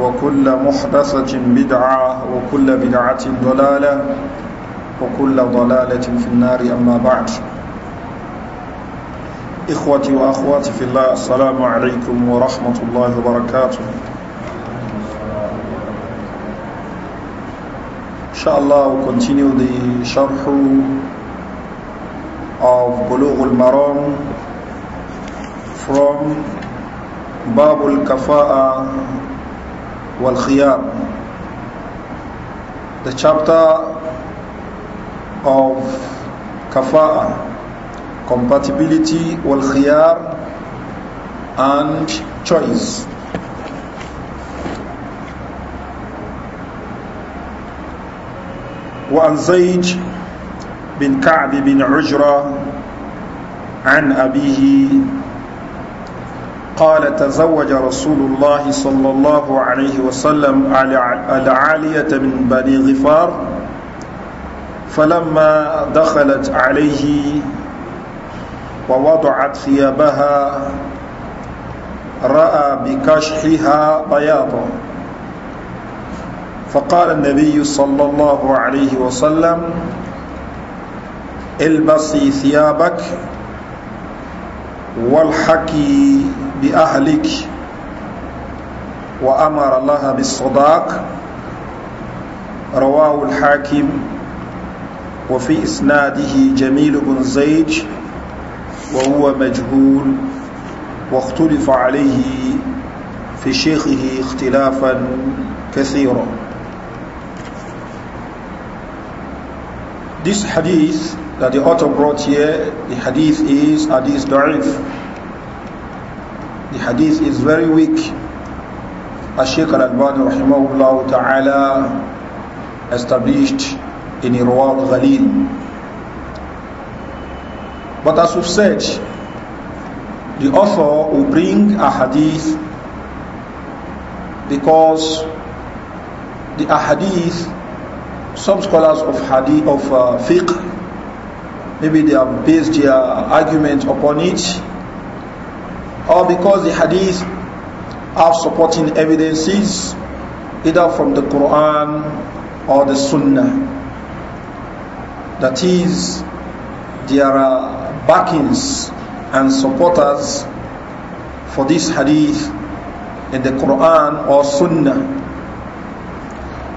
وكل محدثة بدعة وكل بدعة ضلالة وكل ضلالة في النار أما بعد إخوتي وأخواتي في الله السلام عليكم ورحمة الله وبركاته إن شاء الله continue the شرح of بلوغ المرام from باب الكفاءة والخيار the chapter of kafa'a compatibility wal khiyar and choice وعن زيد بن كعب بن عجرة عن أبيه قال تزوج رسول الله صلى الله عليه وسلم العالية من بني غفار فلما دخلت عليه ووضعت ثيابها رأى بكشحها بياضا فقال النبي صلى الله عليه وسلم البسي ثيابك والحكي بأهلك وأمر الله بالصداق رواه الحاكم وفي إسناده جميل بن زيد وهو مجهول واختلف عليه في شيخه اختلافا كثيرا This hadith that the author brought here, the hadith is hadith da'if The hadith is very weak. As shaykh al-Albani rahimahullah ta'ala established in Irwaq Ghalil. But as we've said, the author will bring a hadith because the ahadith, some scholars of hadith of uh, fiqh, maybe they have based their argument upon it or because the hadith have supporting evidences either from the Quran or the Sunnah. That is, there are backings and supporters for this hadith in the Quran or Sunnah.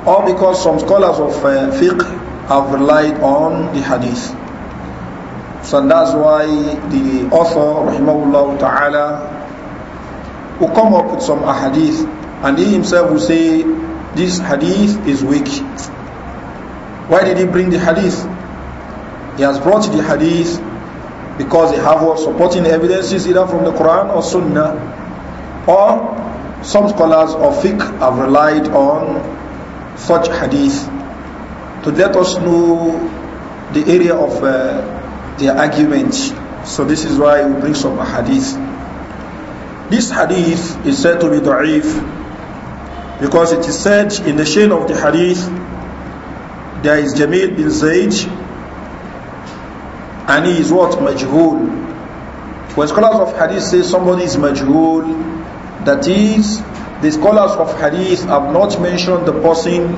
Or because some scholars of uh, fiqh have relied on the hadith. So that's why the author, rahimahullah ta'ala, will come up with some hadith, and he himself will say, this hadith is weak. Why did he bring the hadith? He has brought the hadith because they have supporting evidences either from the Quran or Sunnah, or some scholars of fiqh have relied on such hadith to let us know the area of uh, their argument. So this is why we bring some hadith. This hadith is said to be da'if because it is said in the chain of the hadith there is Jamil bin Zaid, and he is what? Majhul. When scholars of hadith say somebody is majhul, that is, the scholars of hadith have not mentioned the person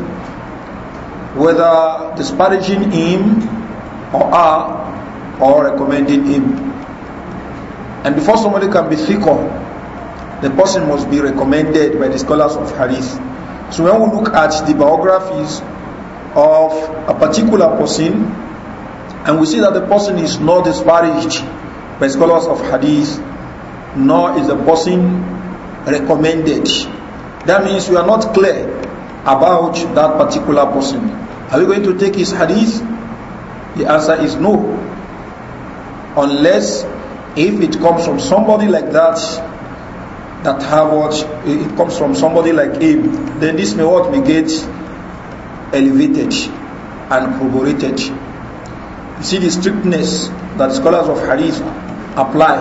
whether disparaging him or are or recommending him. And before somebody can be thiqah, the person must be recommended by the scholars of hadith. So when we look at the biographies of a particular person, and we see that the person is not disparaged by scholars of hadith, nor is the person recommended. That means we are not clear about that particular person. Are we going to take his hadith? The answer is no unless if it comes from somebody like that that have what it comes from somebody like him then this may what may get elevated and corroborated you see the strictness that scholars of hadith apply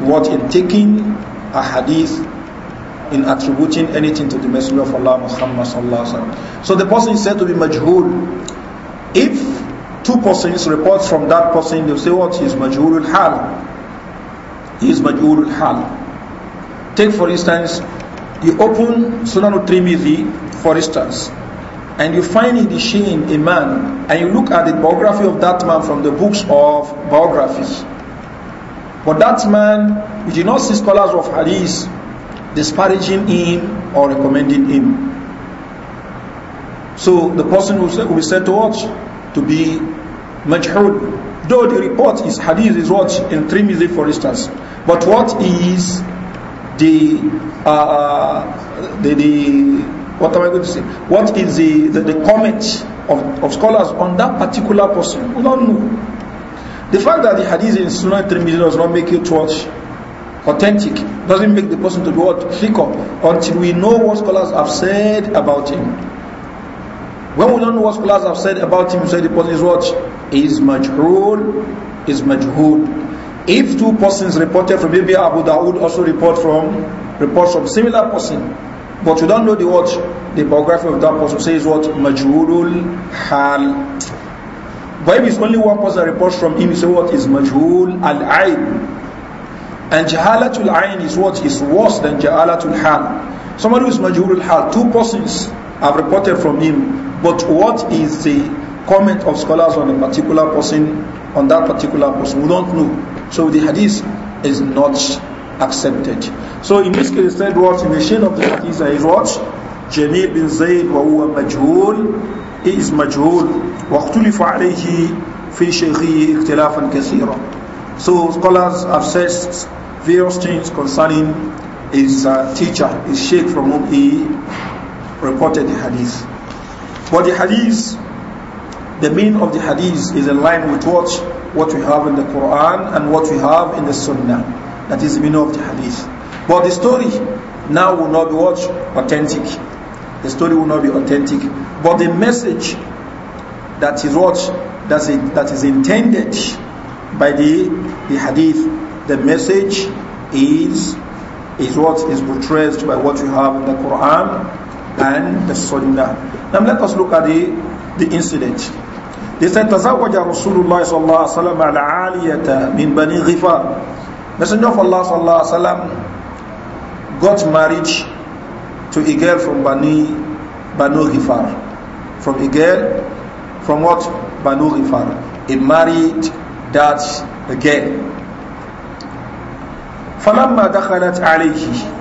what in taking a hadith in attributing anything to the messenger of allah muhammad sallallahu alaihi wasallam so the person is said to be majhul if two persons report from that person, they say what? He's majhulul hal. He is majhulul hal. Take for instance, you open Sunan Trimidi, for instance, and you find in the Sheen a man, and you look at the biography of that man from the books of biographies. But that man, we did not see scholars of Hadith disparaging him or recommending him. So the person who will be said to watch to be majhul. Though the report is hadith is what in Trimizi for instance. But what is the uh, the, the what am I going to say? What is the, the, the comment of, of scholars on that particular person? We don't know. The fact that the hadith in Sunan does not make it what authentic doesn't make the person to be what fickle until we know what scholars have said about him. When we don't know what scholars have said about him, we say the person is what is majhul, is majhud. If two persons reported from maybe Abu would also report from reports from similar person, but you don't know the what the biography of that person says what majhulul hal. But if it's only one person reports from him, you say what is majhul al ayn. And jahalatul ayn is what is worse than jahalatul hal. Somebody who is majhulul hal, two persons have reported from him, but what is the comment of scholars on a particular person, on that particular person. We don't know. So the hadith is not accepted. So in this case, said what in the shade of the hadith is what? Jamil bin Zayd wa huwa majhul. He is majhul. واختلف عليه في شيخه اختلافا كثيرا. So scholars have said various things concerning his uh, teacher, his sheikh from whom he reported the hadith. But the hadith the meaning of the hadith is in line with what, what we have in the Quran and what we have in the Sunnah. That is the meaning of the hadith. But the story now will not be what? Authentic. The story will not be authentic. But the message that is what? That's that is intended by the, the hadith, the message is is what is portrayed by what you have in the Quran and the Sunnah. Now let us look at the, the incident. This is Tazawwaja Rasulullah sallallahu alayhi be al him, Messenger of Allah got married to a girl from Bani, Banu Ghifar. From a girl from what? Banu Ghifar. He married that girl. فَلَمَّا دَخَلَتْ عَلَيْهِ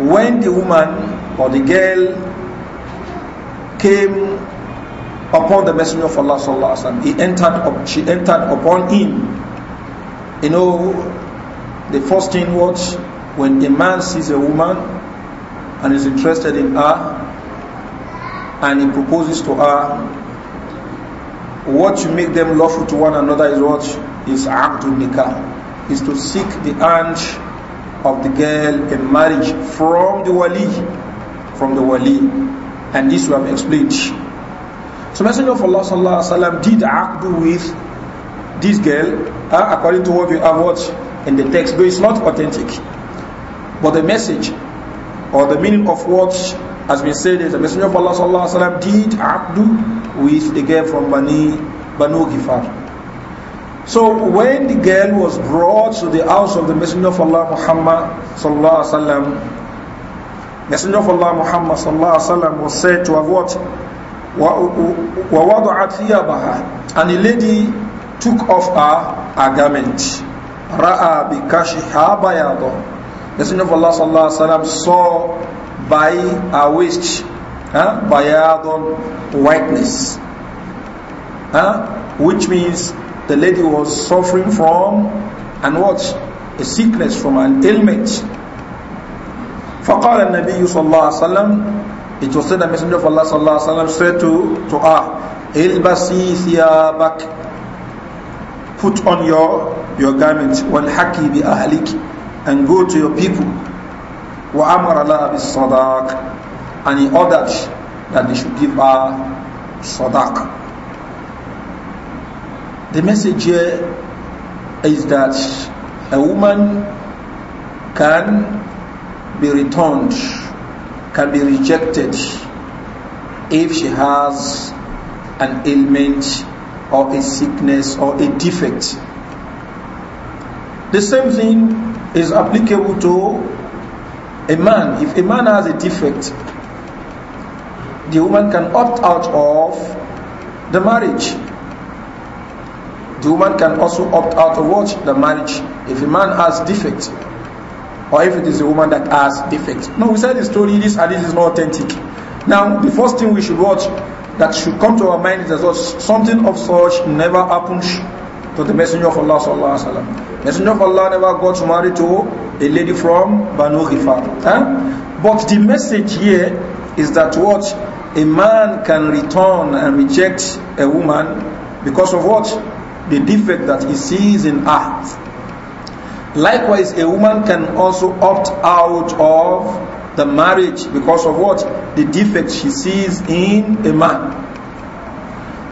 When the woman or the girl came upon the Messenger of Allah sallallahu alaihi wasallam. He entered, up, she entered upon him. You know, the first thing what when a man sees a woman and is interested in her and he proposes to her, what you make them lawful to one another is what is abdul nikah, is to seek the hand of the girl in marriage from the wali, from the wali, and this we have explained. So Messenger of Allah sallallahu alaihi wasallam did aqdu with this girl uh, according to what we have watched in the text, though it's not authentic. But the message or the meaning of what has been said is the Messenger of Allah sallallahu alaihi wasallam did aqdu with the girl from Bani Banu Gifar. So when the girl was brought to the house of the Messenger of Allah Muhammad sallallahu alaihi wasallam, Messenger of Allah Muhammad sallallahu alaihi wasallam was said to have watched. وَوَضَعَتْ ثِيَابَهَا And the lady took off her, her garment. رَأَى بِكَشِحَا بَيَضًا The Messenger of Allah sallallahu alayhi wa saw by her waist huh? bayadon whiteness huh? which means the lady was suffering from and what a sickness from an ailment فقال النبي صلى الله عليه وسلم it was said that Messenger of Allah sallallahu alaihi wasallam said to to her, "Ilbasi thiyabak, put on your your garment, walhaki bi ahlik, and go to your people." Wa amara laha bis sadaq, and he ordered that they should give a sadaq. The message here is that a woman can be returned can be rejected if she has an ailment or a sickness or a defect. The same thing is applicable to a man, if a man has a defect, the woman can opt out of the marriage. The woman can also opt out of what? The marriage. If a man has defect, or if it is a woman that has defects. No, we said the story, this hadith is not authentic. Now, the first thing we should watch that should come to our mind is that something of such never happened to the Messenger of Allah sallallahu alaihi wasallam. Messenger of Allah never got married to a lady from Banu Ghifar. Huh? But the message here is that what a man can return and reject a woman because of what the defect that he sees in her Likewise, a woman can also opt out of the marriage because of what? The defect she sees in a man.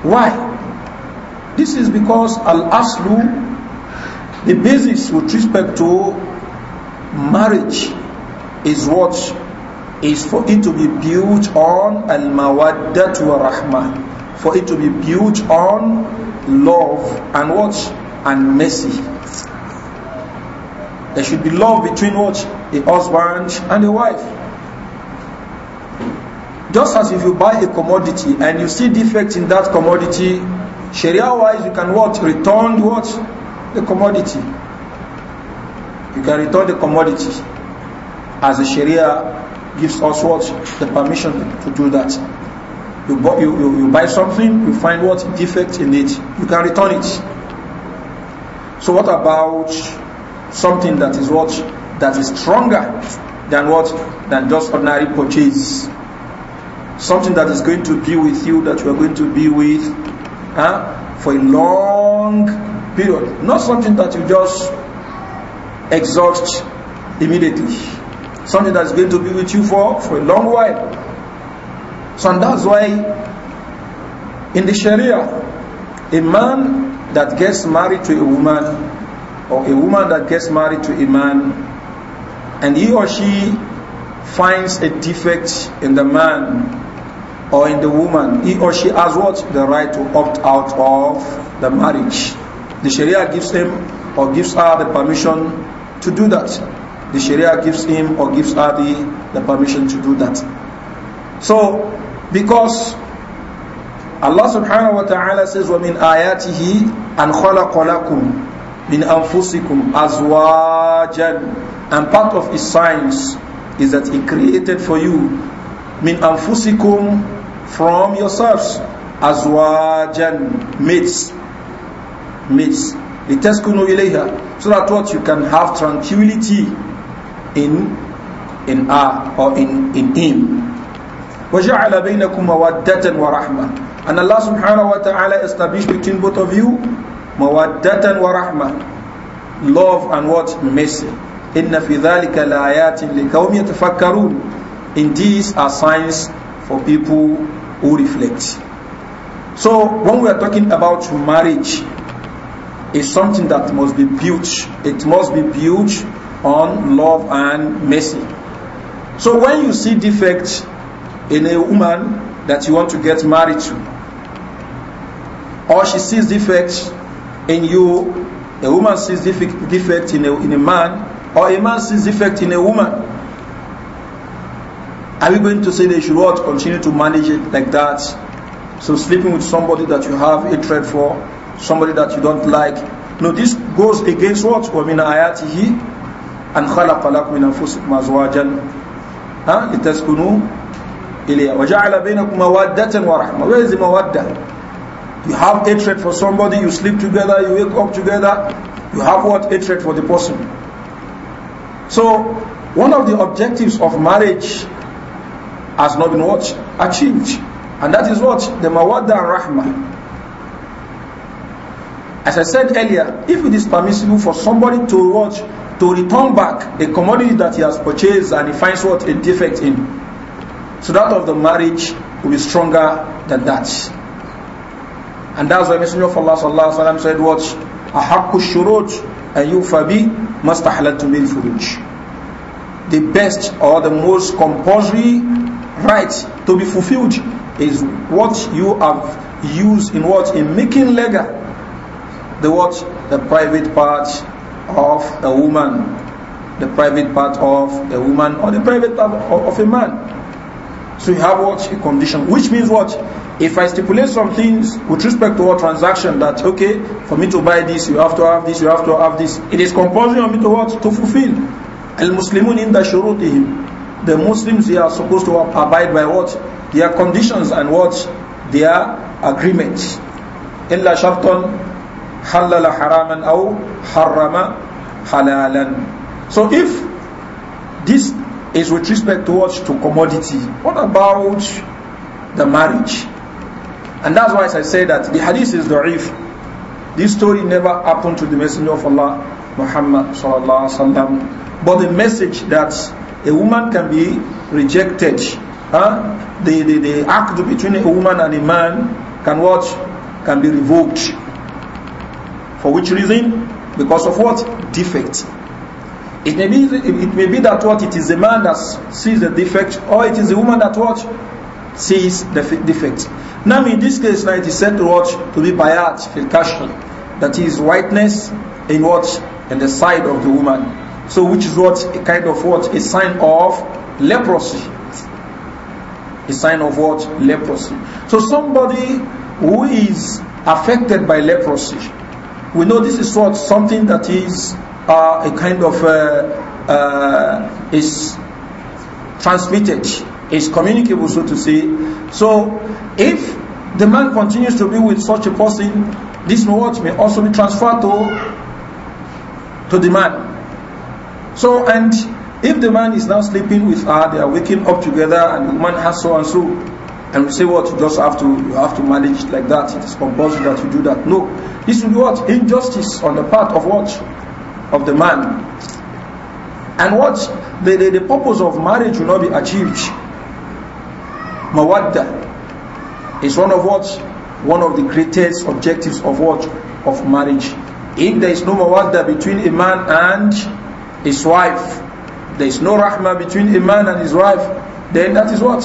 Why? This is because Al Aslu, the basis with respect to marriage, is what? Is for it to be built on Al Mawaddat wa Rahma, For it to be built on love and what? And mercy. There should be love between what? A husband and a wife. Just as if you buy a commodity and you see defect in that commodity, Sharia wise you can what? Return what? The commodity. You can return the commodity as the Sharia gives us what? The permission to do that. You buy, you, you, you buy something, you find what defect in it, you can return it. So what about something that is what that is stronger than what than just ordinary purchase something that is going to be with you that you are going to be with huh, for a long period not something that you just exhaust immediately something that is going to be with you for for a long while so and that's why in the sharia a man that gets married to a woman a woman that gets married to a man and he or she finds a defect in the man or in the woman, he or she has what? The right to opt out of the marriage. The Sharia gives him or gives her the permission to do that. The Sharia gives him or gives her the, the permission to do that. So, because Allah subhanahu wa ta'ala says, وَمِنْ آيَاتِهِ أَنْ خَلَقَ لَكُمْ min anfusikum azwajan. And part of his signs is that he created for you min anfusikum from yourselves azwajan mates mates litaskunu ilayha so that what you can have tranquility in in her or in in him وجعل بينكم مودة ورحمة and Allah subhanahu wa ta'ala established between both of you mawaddatan wa rahma love and what mercy inna fi dhalika li liqaumin yatafakkarun in these are signs for people who reflect so when we are talking about marriage is something that must be built it must be built on love and mercy so when you see defects in a woman that you want to get married to or she sees defects in you, a woman sees defect in a, in a man, or a man sees defect in a woman, are we going to say they should not continue to manage it like that? So sleeping with somebody that you have hatred for, somebody that you don't like. No, this goes against what? وَمِنْ آيَاتِهِ أَنْ خَلَقَ لَكُمْ مِنْ أَنفُسِكُمْ أَزْوَاجًا لِتَسْكُنُوا إِلَيْهَا وَجَعَلَ بَيْنَكُمْ مَوَدَّةً وَرَحْمَةً Where is the mawadda? You have hatred for somebody, you sleep together, you wake up together, you have what? Hatred for the person. So, one of the objectives of marriage has not been what? Achieved. And that is what? The mawadda and rahmah. As I said earlier, if it is permissible for somebody to watch, to return back a commodity that he has purchased and he finds what a defect in, so that of the marriage will be stronger than that. And that's why Messenger of Allah sallallahu alayhi wa said what? أَحَقُّ الشُّرُوجِ أَنْ يُوفَ بِي مَسْتَحْلَتُمْ الْفُرُوجِ The best or the most compulsory right to be fulfilled is what you have used in what? In making lega the what? The private part of a woman. The private part of a woman or the private part of a man. So you have what? A condition. Which means what? If I stipulate some things with respect to a transaction that, okay, for me to buy this, you have to have this, you have to have this, it is compulsory on me to what? To fulfill. Al-Muslimun in the The Muslims, they are supposed to abide by what? Their conditions and what? Their agreements. إلا شرطا حلل haraman أو حرم حلالا So if this is with respect towards to commodity, what about the marriage? And that's why I say that the hadith is da'if. This story never happened to the Messenger of Allah, Muhammad sallallahu alaihi wasallam. But the message that a woman can be rejected, huh? the, the, the act between a woman and a man can what? Can be revoked. For which reason? Because of what? Defect. It may be, it may be that what? It is the man that sees the defect or it is the woman that what? sees the defect. Now in this case, now it is said to watch to be bayat fil kashf, that is whiteness in what in the side of the woman. So which is what a kind of what a sign of leprosy, a sign of what leprosy. So somebody who is affected by leprosy, we know this is what something that is uh, a kind of uh, uh, is transmitted is communicable, so to say. So, if the man continues to be with such a person, this reward may also be transferred to, to the man. So, and if the man is now sleeping with her, they are waking up together, and the woman has so and so, and we say, "What? You just have to you have to manage it like that. It is compulsory that you do that." No, this will be what injustice on the part of what of the man, and what the, the, the purpose of marriage will not be achieved. Mawadda is one of what? One of the greatest objectives of what? Of marriage. If there is no mawadda between a man and his wife, there is no rahmah between a man and his wife, then that is what?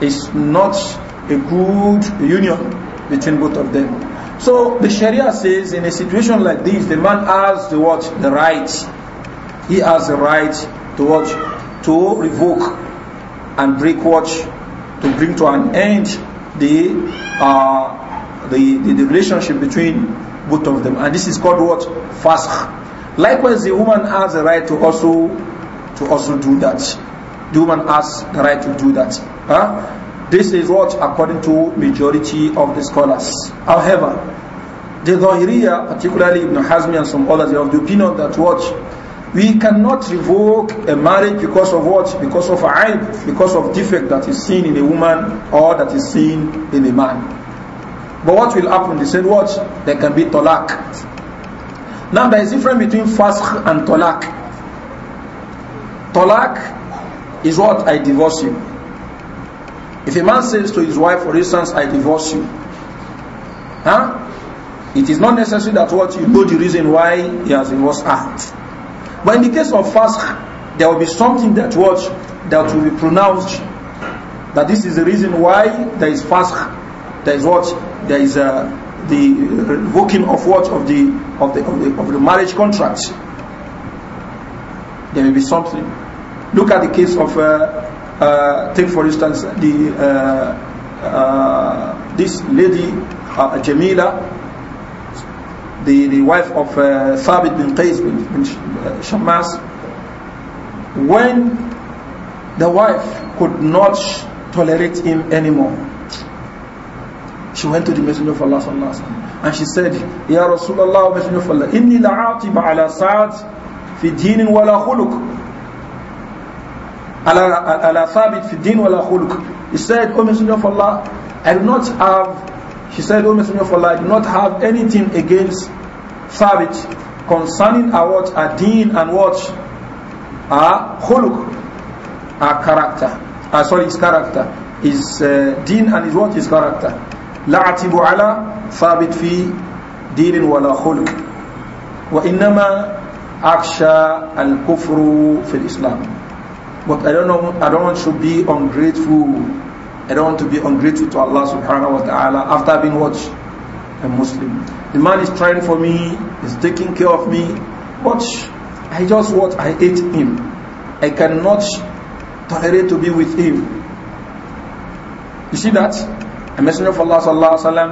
It's not a good union between both of them. So the Sharia says in a situation like this, the man has the what? The right. He has the right to what? To revoke and break watch to bring to an end the, uh, the, the, the, relationship between both of them. And this is called what? Fasq. Likewise, the woman has the right to also, to also do that. The woman has the right to do that. Huh? This is what according to majority of the scholars. However, the Zahiriya, particularly Ibn Hazmi and some others, they have the opinion that what we cannot revoke a marriage because of what? Because of aib, because of defect that is seen in a woman or that is seen in a man. But what will happen? They said what? There can be talaq. Now there is difference between fasq and talaq. Talaq is what? I divorce you. If a man says to his wife, for instance, I divorce you, huh? it is not necessary that what you know the reason why he has divorced her. But in the case of fast, there will be something that what that will be pronounced that this is the reason why there is fast, there is what there is uh, the revoking of what of the of the of the, of the marriage contract. There may be something. Look at the case of uh, uh, take for instance the uh, uh, this lady Jamila the, the wife of uh, Thabit bin Qais bin, bin uh, Shammas, when the wife could not tolerate him anymore, she went to the Messenger of Allah sallallahu and she said, Ya Rasulullah, Messenger of Allah, inni la'atiba ala Sa'ad fi dinin wala khuluk. Ala, ala Thabit fi din wala khuluk. He said, O Messenger of Allah, I do not have she said, O Messenger of Allah, I do not have anything against Thabit concerning our what, our deen and what, our khuluk, our character. Uh, sorry, his character. His uh, deen and his what? His character. لا أعتب على ثابت في دين ولا innama وإنما أخشى الكفر في الإسلام but I don't know I don't want to be ungrateful I don't want to be ungrateful to Allah subhanahu wa ta'ala after being watched A Muslim. The man is trying for me, is taking care of me, but I just watch, I hate him. I cannot tolerate to be with him. You see that? A messenger of Allah sallallahu alaihi wasallam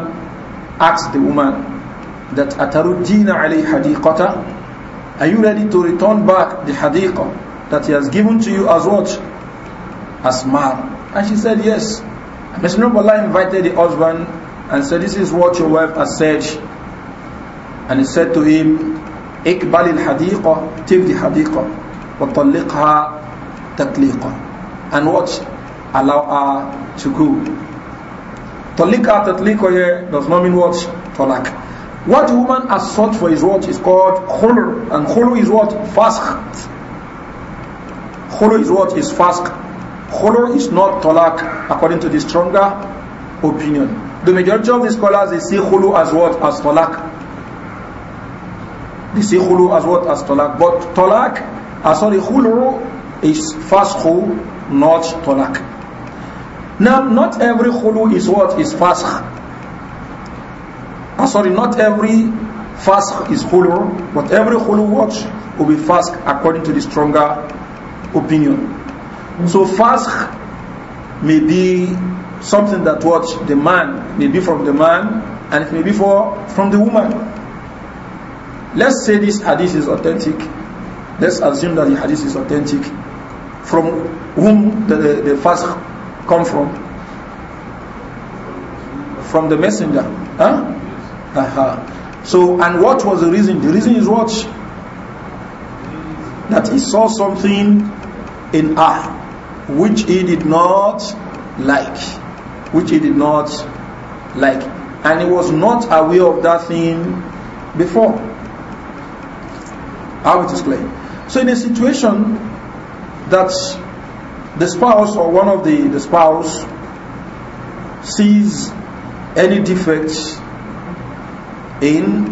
asked the woman that atarujina ali hadiqata are you ready to return back the hadiqah that he has given to you as what? As and she said, Yes. Mr. Messenger invited the husband and said, This is what your wife has said. And he said to him, Ikbal al-hadiqa, take the hadiqa, wa talliqha takliqa. And what? Allow her to go. Talliqa tatliqa here does not mean what? Talak. What woman has sought for his what is called khulr, and khulr is what? Fasq. Khulr is what is fasq. Khulu is not tolak, according to the stronger opinion. The majority of the scholars they see khulu as what? As tolak. They see khulu as what? As tolak. But tolak, uh, sorry, khulu is fasqu, not tolak. Now, not every khulu is what? Is fasq. Uh, ah, sorry, not every fasq is khulu, but every khulu watch Will be fasq according to the stronger opinion. So fask may be something that what the man may be from the man and it may be for from the woman. Let's say this hadith is authentic. Let's assume that the hadith is authentic. From whom the, the, the come from? From the messenger. Huh? Uh-huh. So, and what was the reason? The reason is what? That he saw something in her which he did not like. Which he did not like. And he was not aware of that thing before. I will explain. So in a situation that the spouse or one of the, the spouse sees any defects in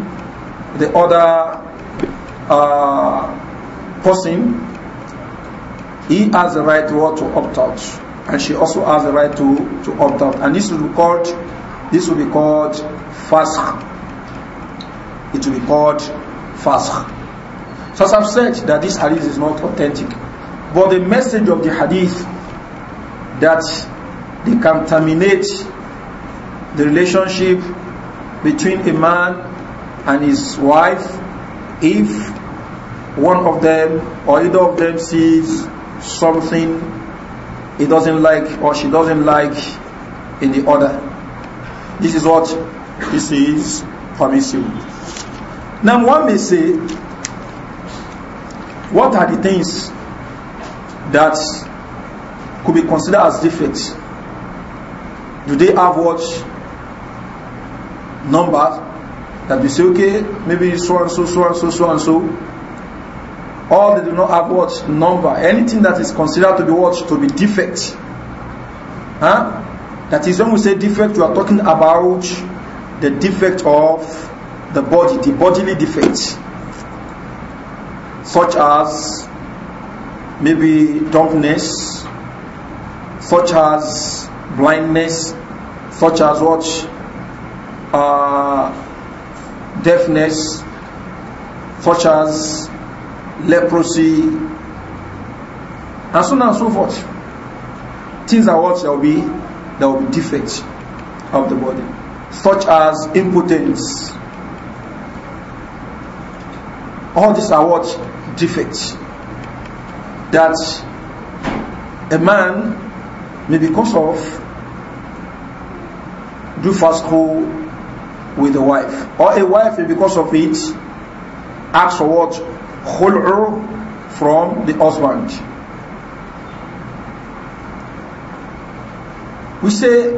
the other uh, person he has the right to, to opt out and she also has the right to, to opt out and this will be called this will be called fasq it will be called fasq so as i've said that this hadith is not authentic but the message of the hadith that they contaminate the relationship between a man and his wife if one of them or either of them sees something he doesn't like or she doesn't like in the other. This is what this is permissible. Now one may say, what are the things that could be considered as defects? Do they have what number that we say, okay, maybe so and so, so and so, so and so, All they do not have what? Number. Anything that is considered to be what? To be defect. Huh? That is when we say defect, we are talking about the defect of the body, the bodily defects, such as maybe dumbness, such as blindness, such as what uh, deafness, such as leprosy, and so on and so forth. Things are what shall be, there will be defects of the body, such as impotence. All these are what? Defects. That a man may, because of, do fasco with a wife, or a wife may, because of it, ask for what? khul'u from the husband. We say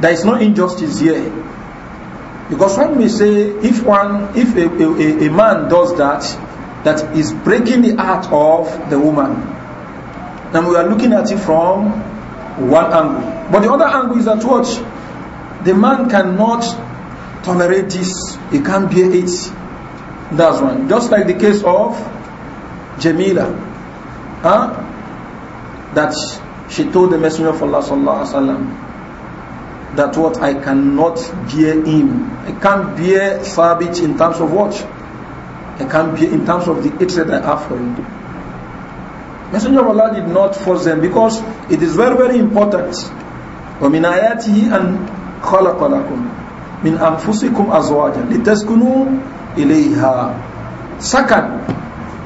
there is no injustice here. Because when we say if one if a, a, a man does that, that is breaking the heart of the woman. And we are looking at it from one angle. But the other angle is that what? The man cannot tolerate this, he can't bear it. That's one. Just like the case of Jamila, huh? that she told the Messenger of Allah sallallahu alaihi wasallam that what I cannot bear him. I can't bear Thabit in terms of what? I can't bear in terms of the hatred I have for him. Messenger of Allah did not force them because it is very, very important. وَمِنْ آيَاتِهِ أَنْ خَلَقَ لَكُمْ مِنْ أَنفُسِكُمْ أَزْوَاجًا لِتَسْكُنُوا إليها Second,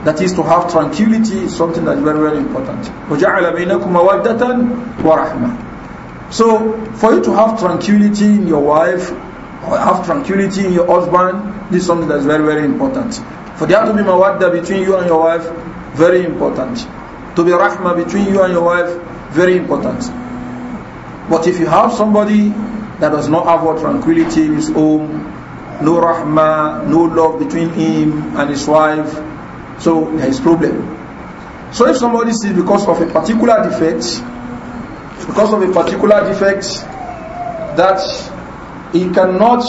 that is to have tranquility, is something that is very, very important. وَجَعَلَ بَيْنَكُمْ مَوَدَّةً وَرَحْمَةً So, for you to have tranquility in your wife, or have tranquility in your husband, this is something that is very, very important. For there to be mawadda between you and your wife, very important. To be rahma between you and your wife, very important. But if you have somebody that does not have what tranquility in his home, no rahma, no love between him and his wife. So there is problem. So if somebody sees because of a particular defect, because of a particular defect, that he cannot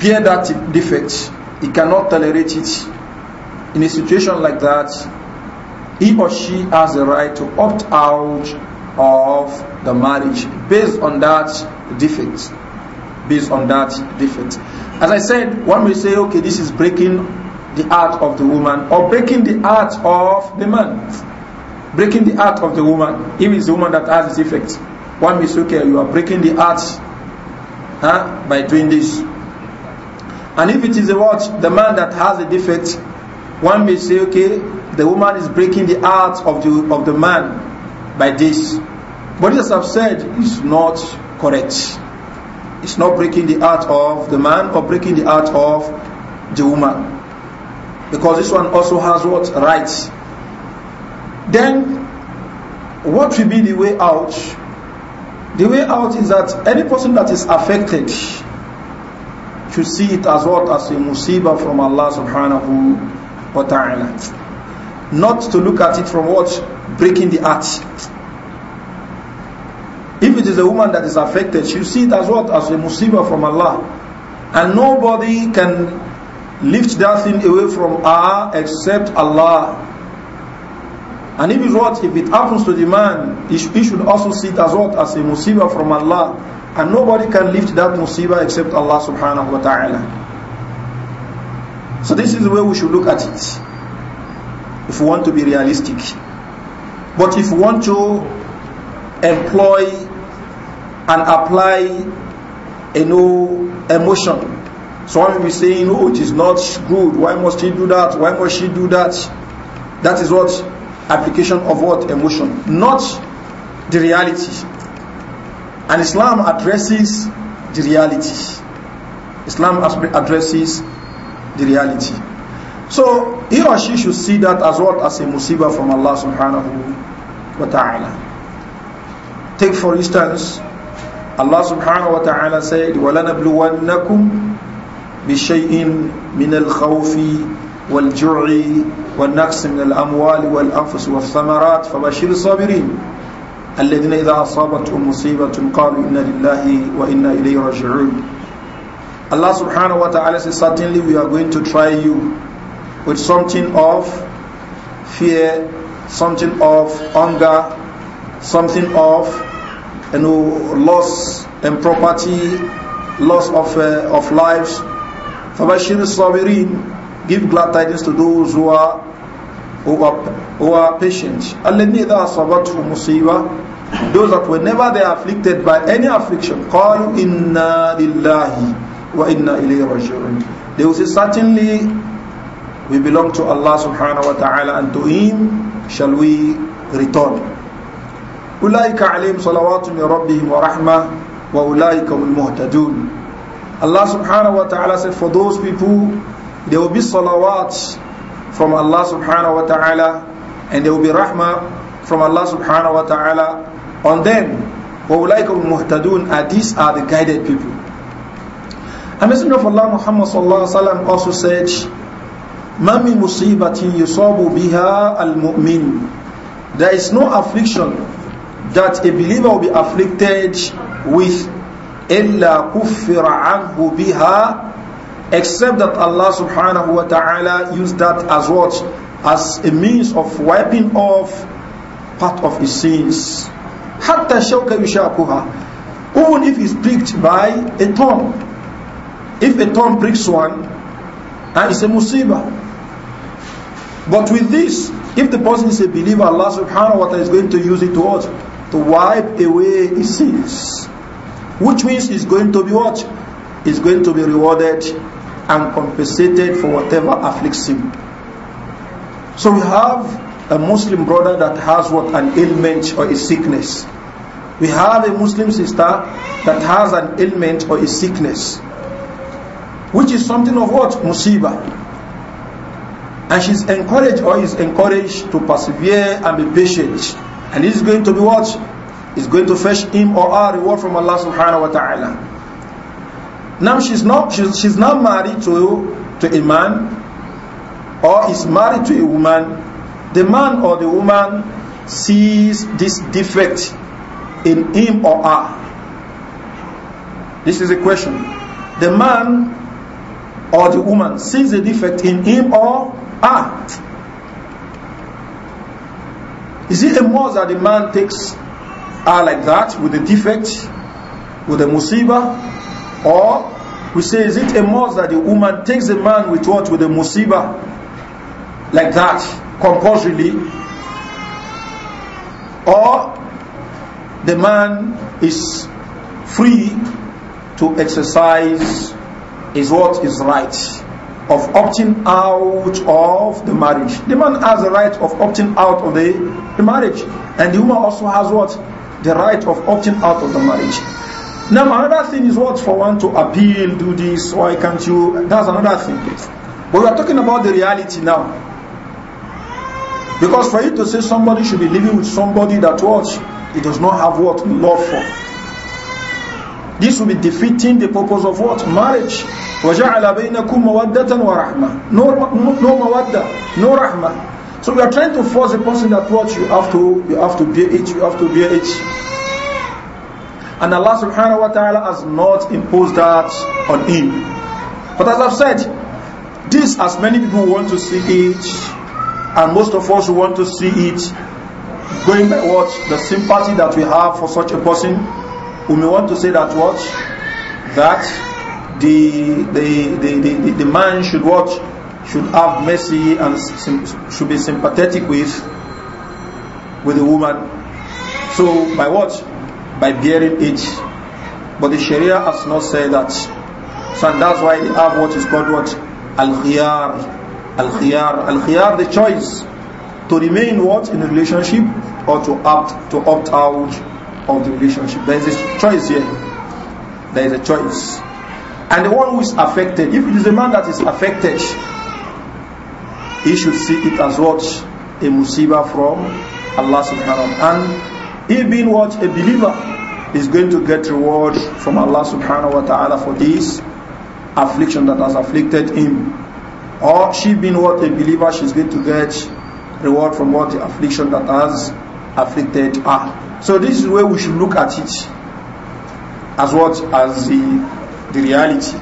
bear that defect, he cannot tolerate it. In a situation like that, he or she has the right to opt out of the marriage based on that defect. Based on that defect. As I said, one may say, okay, this is breaking the heart of the woman or breaking the heart of the man. Breaking the heart of the woman, if it's the woman that has this effect. One may say, okay, you are breaking the heart huh, by doing this. And if it is the watch, the man that has the defect, one may say, okay, the woman is breaking the heart of the of the man by this. But as I've said, it's not correct. It's not breaking the heart of the man or breaking the heart of the woman. Because this one also has what? Rights. Then, what will be the way out? The way out is that any person that is affected should see it as what? As a musibah from Allah subhanahu wa ta'ala. Not to look at it from what? Breaking the heart. If it is a woman that is affected, she'll see it as what? As a musibah from Allah. And nobody can lift that thing away from her except Allah. And if it what? If it happens to the man, he, should also see it as what? As a musibah from Allah. And nobody can lift that musibah except Allah subhanahu wa ta'ala. So this is the way we should look at it. If we want to be realistic. But if we want to employ and apply a no emotion. Someone will be saying, "Oh, it is not good. Why must he do that? Why must she do that?" That is what application of what emotion, not the reality. And Islam addresses the reality. Islam addresses the reality. So he or she should see that as what as a musibah from Allah subhanahu wa ta'ala. Take for instance Allah subhanahu wa ta'ala said, وَلَنَبْلُوَنَّكُمْ بِشَيْءٍ مِنَ الْخَوْفِ وَالْجُعِ وَالنَّقْصِ مِنَ الْأَمْوَالِ وَالْأَنفُسِ وَالثَّمَرَاتِ فَبَشِّرِ الصَّابِرِينَ الَّذِينَ إِذَا أَصَابَتْهُمْ مُصِيبَةٌ قَالُوا إِنَّا لِلَّهِ وَإِنَّا إِلَيْهِ رَاجِعُونَ Allah subhanahu wa ta'ala says, Certainly we are going to try you with something of fear, something of hunger, something of you know, loss and property, loss of, uh, of lives. فَبَشِّرِ الصَّابِرِينَ Give glad tidings to those who are who are, who are patient. الَّذِينَ إِذَا Those that whenever they are afflicted by any affliction, Call inna إِنَّا wa inna إِلَيْهِ rajiun. They will say, certainly we belong to Allah subhanahu wa ta'ala and to Him shall we return. أولئك عليهم صلوات من ربهم ورحمة وأولئك هم المهتدون الله سبحانه وتعالى said for those people there will be salawat from Allah subhanahu wa ta'ala and there will be rahma from Allah subhanahu wa ta'ala on them وَأُولَٰئِكَ الْمُهْتَدُونَ and these are the guided people a Messenger of Allah Muhammad sallallahu alaihi wasallam also said مَن مِن مُصِيبَةٍ يُصَابُ بِهَا الْمُؤْمِنُ There is no affliction that a believer will be afflicted with illa كُفِّرَ biha, except that Allah subhanahu wa ta'ala used that as what? As a means of wiping off part of his sins. حَتَّى شَوْكَ يُشَاكُهَا Even if he's pricked by a thorn. If a thorn pricks one, and it's a musibah. But with this, if the person is a believer, Allah subhanahu wa ta'ala is going to use it to us to wipe away his sins. Which means he's going to be what? He's going to be rewarded and compensated for whatever afflicts him. So we have a Muslim brother that has what? An ailment or a sickness. We have a Muslim sister that has an ailment or a sickness. Which is something of what? musiba. And she's encouraged or is encouraged to persevere and be patient. And he's is going to be He's going to fetch him or her reward from Allah subhanahu wa ta'ala. Now she's not she's, she's not married to to a man or is married to a woman. The man or the woman sees this defect in him or her. This is a question. The man or the woman sees a defect in him or her. Is it a must that the man takes are like that with the defect, with the musiba? Or we say, is it a must that the woman takes a man with what? With the musiba? Like that, compulsorily? Or the man is free to exercise is what is right. of opting out of the marriage. The man has the right of opting out of the, the marriage, and the woman also has what? The right of opting out of the marriage. Now, another thing is what for one to appeal, do this, why can't you? That's another thing. But we are talking about the reality now. Because for you to say somebody should be living with somebody that what he does not have what love for, this will be defeating the purpose of what? Marriage. وَجَعَلَ بَيْنَكُمْ مَوَدَّةً وَرَحْمَةً No, no mawadda, no rahmah. So we are trying to force a person that what you have to, you have to bear it, you have to bear it. And Allah subhanahu wa ta'ala has not imposed that on him. But as I've said, this as many people want to see it, and most of us want to see it, going by what? The sympathy that we have for such a person, we may want to say that what? That the, the, the, the, the man should watch, should have mercy and sim, should be sympathetic with, with the woman. So by what? By bearing it. But the Sharia has not said that. So that's why they have what is called what? Al-Khiyar. Al-Khiyar. Al-Khiyar, the choice to remain what? In a relationship or to opt, to opt out of the relationship. There is a choice here. There is a choice. And the one who is affected, if it is a man that is affected, he should see it as what? A musibah from Allah subhanahu wa ta'ala. And he being what? A believer is going to get reward from Allah subhanahu wa ta'ala for this affliction that has afflicted him. Or she being what? A believer, she's going to get reward from what? The affliction that has afflicted her. So this is where we should look at it as what as the, the reality.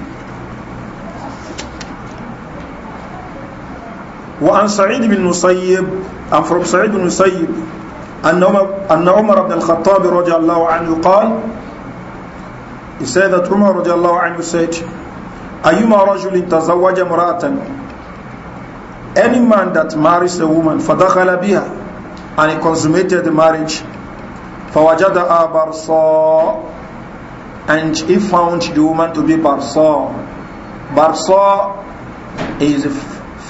وعن سعيد بن المسيب عن from سعيد بن المسيب أن عمر, أن عمر بن الخطاب رضي الله عنه قال He said that Umar رضي الله عنه said أيما رجل تزوج امرأة Any man that marries a woman فدخل بها and he consummated the marriage فوجدها برصاء and he found the woman to be Barsa. Barsa is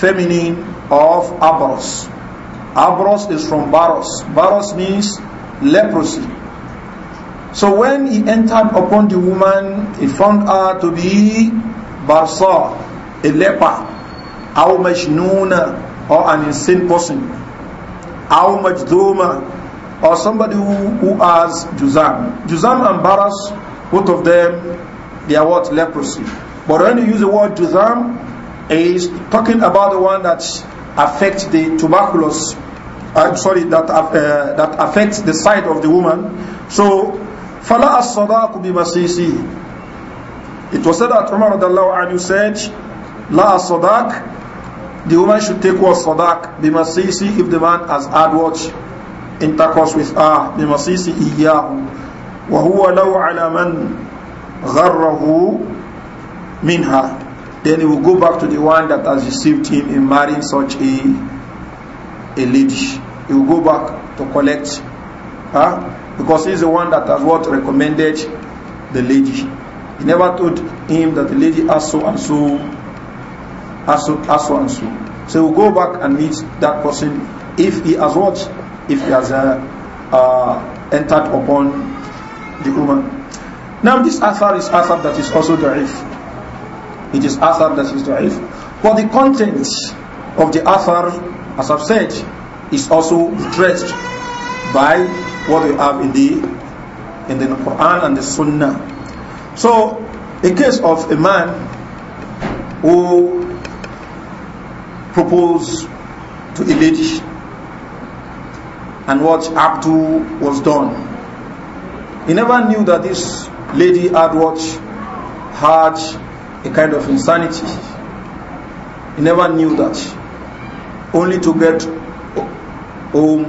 feminine of Abros. Abros is from Baros. Baros means leprosy. So when he entered upon the woman, he found her to be Barsa, a leper, Aw Majnuna, or an insane person, Aw Majduma, or somebody who, who has Juzam. Juzam and Baras, both of them, they are what? Leprosy. But when you use the word Juzam, is talking about the one that affects the tuberculosis. I'm uh, sorry, that, uh, that affects the sight of the woman. So, فَلَا الصَّدَاقُ بِمَسِيسِهِ It was said that Umar anhu said, La sadak, the woman should take what sadak, bimasisi, if the man has had what intercourse with her بمصيص إياه وهو لو على من غره minha. then he will go back to the one that has received him in marrying such a a lady he will go back to collect huh? because he's the one that has what recommended the lady he never told him that the lady has so and so has so, has so and so so he will go back and meet that person if he has what if he has uh, uh, entered upon the woman. Now this athar is athar that is also da'if. It is athar that is da'if. But the content of the athar, as I've said, is also addressed by what we have in the in the Quran and the Sunnah. So a case of a man who proposed to a lady and what Abdul was done. He never knew that this lady had what had a kind of insanity. He never knew that. Only to get home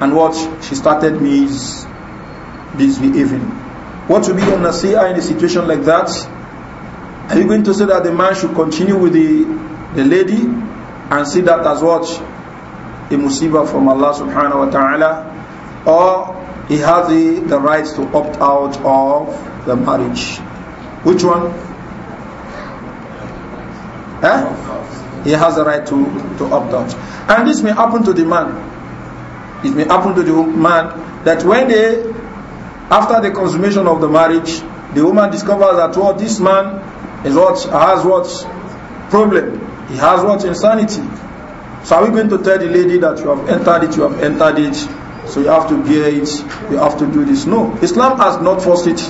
and what she started this misbehaving. What will be your nasi'ah in a situation like that? Are you going to say that the man should continue with the, the lady and see that as what a musibah from Allah subhanahu wa ta'ala or he has the, the right to opt out of the marriage. Which one? Eh? He has the right to, to opt out. And this may happen to the man. It may happen to the man that when they, after the consummation of the marriage, the woman discovers that what oh, this man is what has what problem. He has what insanity. So are we going to tell the lady that you have entered it, you have entered it, so you have to bear it, you have to do this? No, Islam has not forced it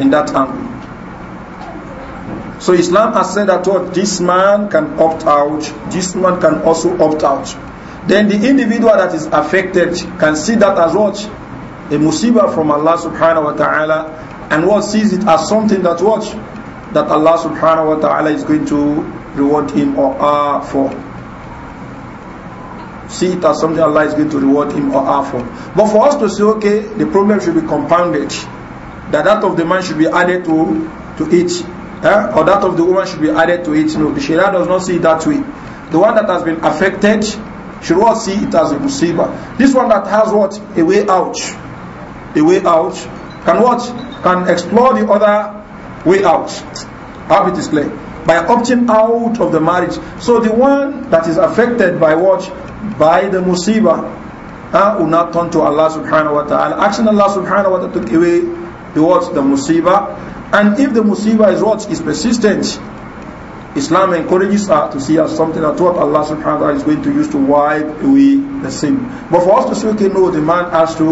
in that angle. So Islam has said that what oh, this man can opt out, this man can also opt out. Then the individual that is affected can see that as what? A musibah from Allah subhanahu wa ta'ala and what sees it as something that what? That Allah subhanahu wa ta'ala is going to reward him or her uh, for see it as something Allah is going to reward him or her for. But for us to say, okay, the problem should be compounded, that that of the man should be added to, to it, eh? or that of the woman should be added to it. No, the Sharia does not see it that way. The one that has been affected should not see it as a musibah. This one that has what? A way out. A way out. Can what? Can explore the other way out. How it is clear by opting out of the marriage. So the one that is affected by what by the musibah uh, will not turn to Allah subhanahu wa ta'ala. Asking Allah subhanahu wa ta'ala took away the The musibah. And if the musibah is what? Is persistent. Islam encourages us to see as something that what Allah subhanahu wa ta'ala is going to use to wipe away the sin. But for us to say, okay, no, the man has to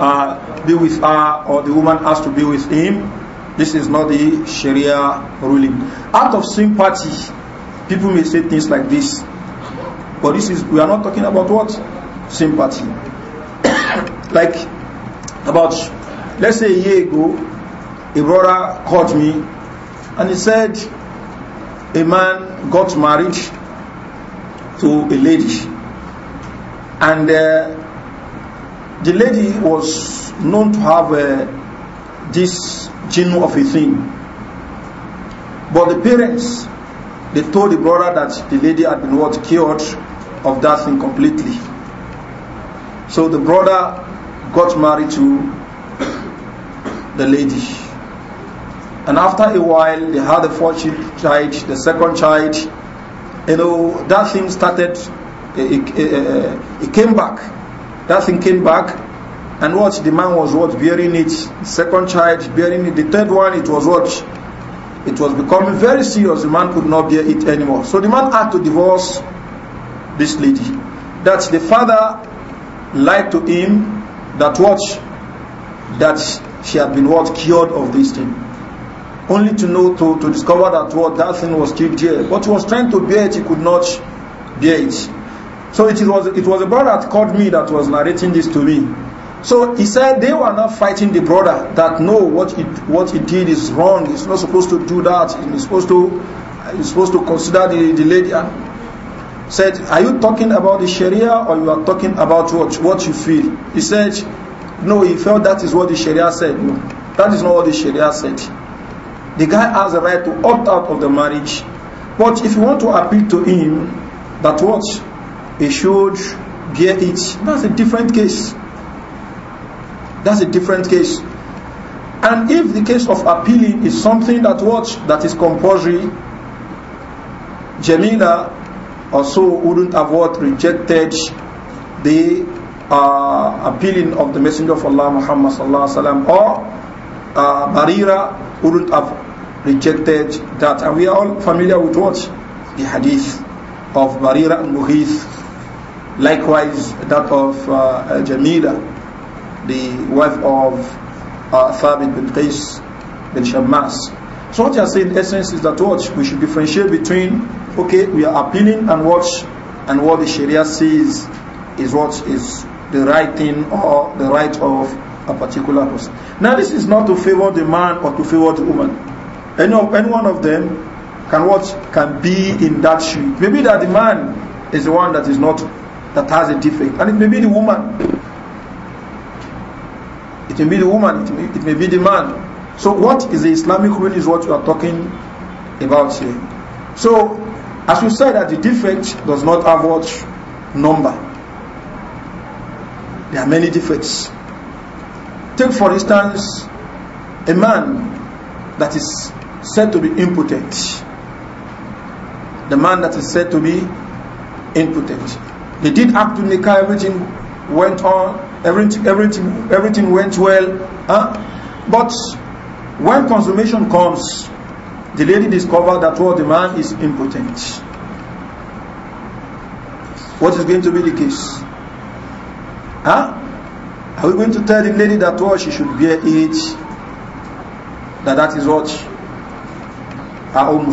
uh, be with her or the woman has to be with him, this is not the Sharia ruling. Out of sympathy, people may say things like this. But this is, we are not talking about what? Sympathy. like, about, let's say a year ago, a brother called me and he said, a man got married to a lady. And uh, the lady was known to have uh, this gene of a thing. But the parents, they told the brother that the lady had been what cured of that thing completely. So the brother got married to the lady. And after a while, they had the fourth child, the second child. You know, that thing started, it, eh, it, eh, eh, it came back. That thing came back. And what the man was what bearing it, second child bearing it, the third one it was what it was becoming very serious. The man could not bear it anymore. So the man had to divorce this lady that the father lied to him that what that she had been what cured of this thing only to know to, to discover that what that thing was still there what he was trying to bear it he could not bear it so it was it was a brother that called me that was narrating this to me so he said they were not fighting the brother that no what it what he did is wrong he's not supposed to do that he's supposed to he's supposed to consider the, the lady said, Are you talking about the Sharia or you are talking about what, what you feel? He said, No, he felt that is what the Sharia said. No, that is not what the Sharia said. The guy has a right to opt out of the marriage. But if you want to appeal to him that what he should bear it, that's a different case. That's a different case. And if the case of appealing is something that what that is compulsory, Jamila also, wouldn't have what rejected the uh, appealing of the Messenger of Allah Muhammad sallallahu alaihi wasallam, or uh, Barira wouldn't have rejected that. And we are all familiar with what the hadith of Barira and Mughith, likewise that of uh, Jamila, the wife of uh, Thabit bin Qais bin Shammas. So what you are saying, in essence, is that what we should differentiate between okay, we are appealing and what and what the Sharia says is what is the right thing or the right of a particular person. Now, this is not to favor the man or to favor the woman. Any, of, any one of them can what can be in that shoe. Maybe that the man is the one that is not that has a defect, and it may be the woman. It may be the woman. It may, it may be the man. So, what is the Islamic rule is what we are talking about here. So, as we said that the defect does not have what number. There are many defects. Take for instance a man that is said to be impotent. The man that is said to be impotent. They did act to Nikah, everything went on, everything, everything, everything went well. Huh? But when consummation comes, the lady discovered that what the man is impotent. What is going to be the case? Huh? Are we going to tell the lady that what she should bear it? That that is what our own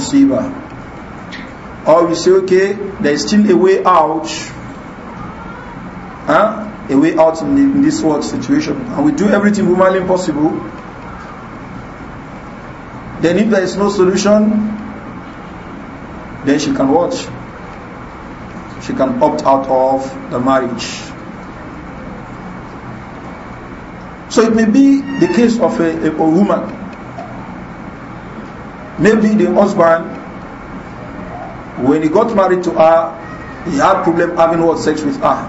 Or we say, okay, there is still a way out. Huh? A way out in, the, in this world situation. And we do everything humanly possible then if there is no solution, then she can watch. She can opt out of the marriage. So it may be the case of a, a, a woman. Maybe the husband, when he got married to her, he had problem having what sex with her.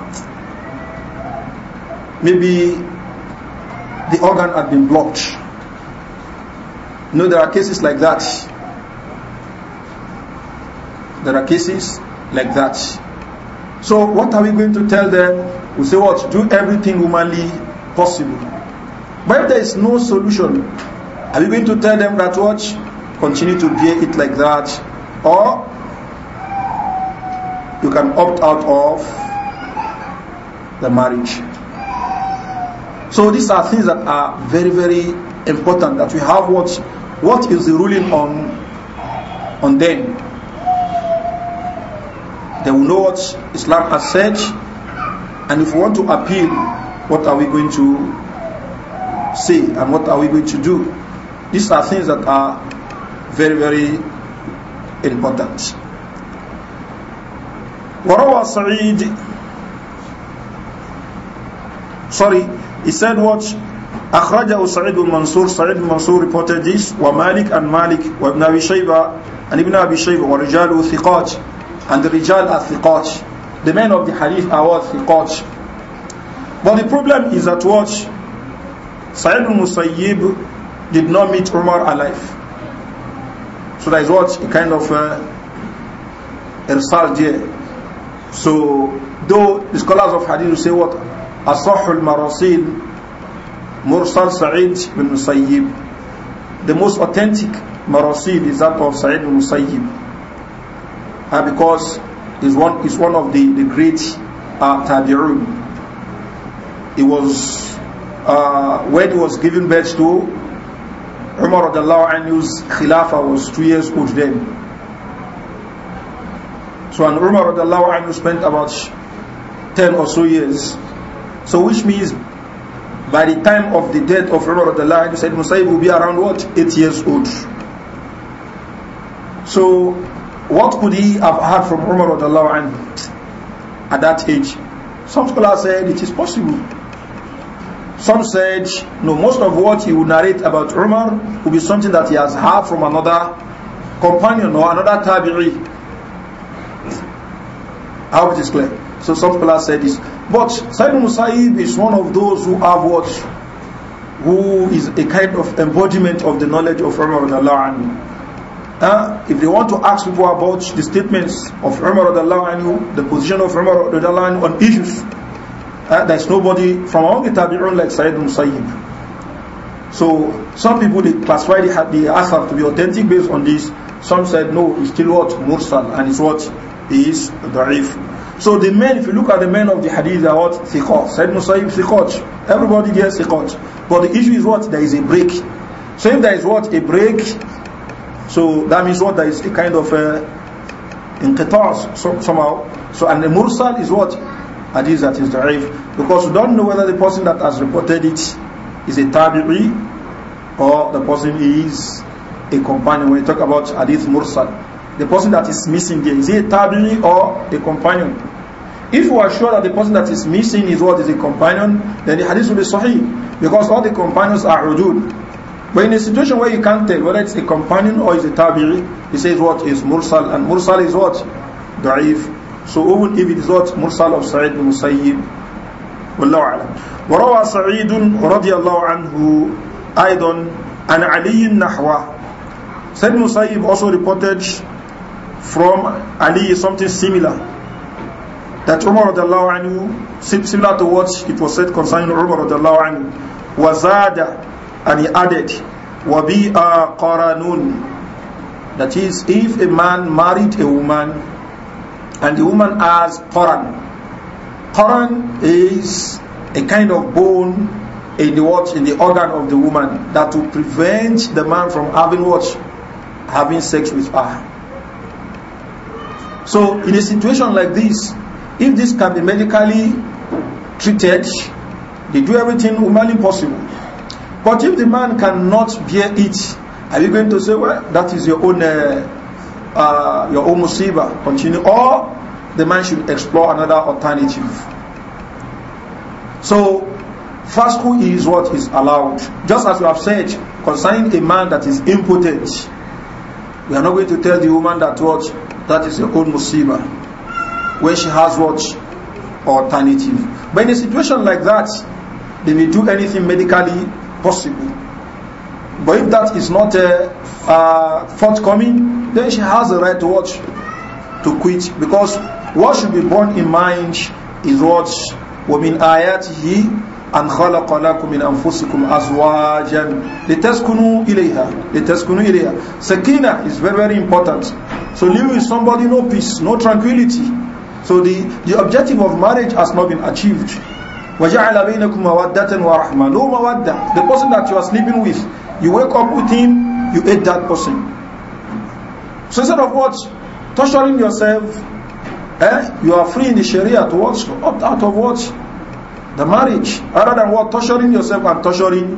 Maybe the organ had been blocked. No, there are cases like that. There are cases like that. So what are we going to tell them? We say what? Do everything humanly possible. But if there is no solution, are we going to tell them that what? Continue to bear it like that. Or you can opt out of the marriage. So these are things that are very, very important that we have what what is the ruling on on them. They will know what Islam has said, and if we want to appeal, what are we going to say and what are we going to do? These are things that are very, very important. وروى سعيد sorry he said what أخرجه سعيد بن منصور سعيد بن منصور reported this ومالك عن مالك وابن أبي شيبة عن ابن أبي شيبة ورجال ثقات عند the رجال the men of the hadith are what ثقات but the problem is that what Sa'id al-Musayyib did not meet Umar alive so that is what a kind of uh, irsal there so though the scholars of hadith say what أصح المراسيل Mursal Sa'id bin Musayyib. The most authentic marasil is that of Sa'id bin Musayyib. Uh, because is one is one of the, the great uh, tabi'un. It was uh, when he was given birth to Umar anhu's Khilafah was two years old then. So and Umar anhu spent about ten or so years. So which means by the time of the death of the radiallahu you Said Musaib will be around what? Eight years old. So, what could he have heard from Umar radiallahu anhu at that age? Some scholars said it is possible. Some said, no, most of what he would narrate about Umar would be something that he has heard from another companion or another tabi'i. I hope it is clear. So some scholars said this. But Sayyid Musaib is one of those who have what? Who is a kind of embodiment of the knowledge of Umar uh, If they want to ask people about the statements of Umar the position of Umar on issues, uh, there's nobody from among the Tabi'un like Sayyid Musaib. So some people they classify the, the Asaf to be authentic based on this. Some said no, it's still what? Mursal and it's what? It is Da'if. So the men, if you look at the men of the hadith, are what? Thiqat. Said Musaib Thiqat. Everybody gets Thiqat. But the issue is what? There is a break. So if there is what? A break. So that means what? There is a kind of uh, inqitars so, somehow. So and the mursal is what? Hadith that is da'if. Because we don't know whether the person that has reported it is a tabi'i or the person is a companion. When you talk about hadith mursal the person that is missing there? Is he a tabi or a companion? If we are sure that the person that is missing is what is a companion, then the hadith will be sahih because all the companions are hudud. But in a situation where you can't tell whether it's a companion or it's a tabi'i, he says what is mursal, and mursal is what? Da'if. So even if it is what? Mursal of Sa'id bin Musayyib. والله أعلم وروى سعيد رضي الله anhu أيضا عن علي Nahwa Said Musayyib also reported from Ali is something similar. That Umar anhu, similar to what it was said concerning Umar anhu, wazada, and he added, a qaranun. That is, if a man married a woman, and the woman has qaran. Qaran is a kind of bone in the what in the organ of the woman that will prevent the man from having what having sex with her. So in a situation like this, if this can be medically treated, they do everything humanly possible. But if the man cannot bear it, are you going to say, well, that is your own, uh, uh, your own musiba, continue? Or the man should explore another alternative. So, fasco is what is allowed. Just as we have said, concerning a man that is impotent, we are not going to tell the woman that what that is her own musibah when she has what alternative but in a situation like that they may do anything medically possible but if that is not uh, uh, forthcoming then she has the right to watch to quit because what should be borne in mind is what وَمِنْ آيَاتِهِ أن خلق لكم من أنفسكم أزواجا لتسكنوا إليها لتسكنوا إليها سكينة is very very important so live with somebody no peace no tranquility so the, the objective of marriage has not been achieved وَجَعَلَ بَيْنَكُمْ wa rahman. no مَوَدَّة the person that you are sleeping with you wake up with him you hate that person so instead of what torturing yourself eh, you are free in the sharia to watch out of what the marriage rather than what torturing yourself and torturing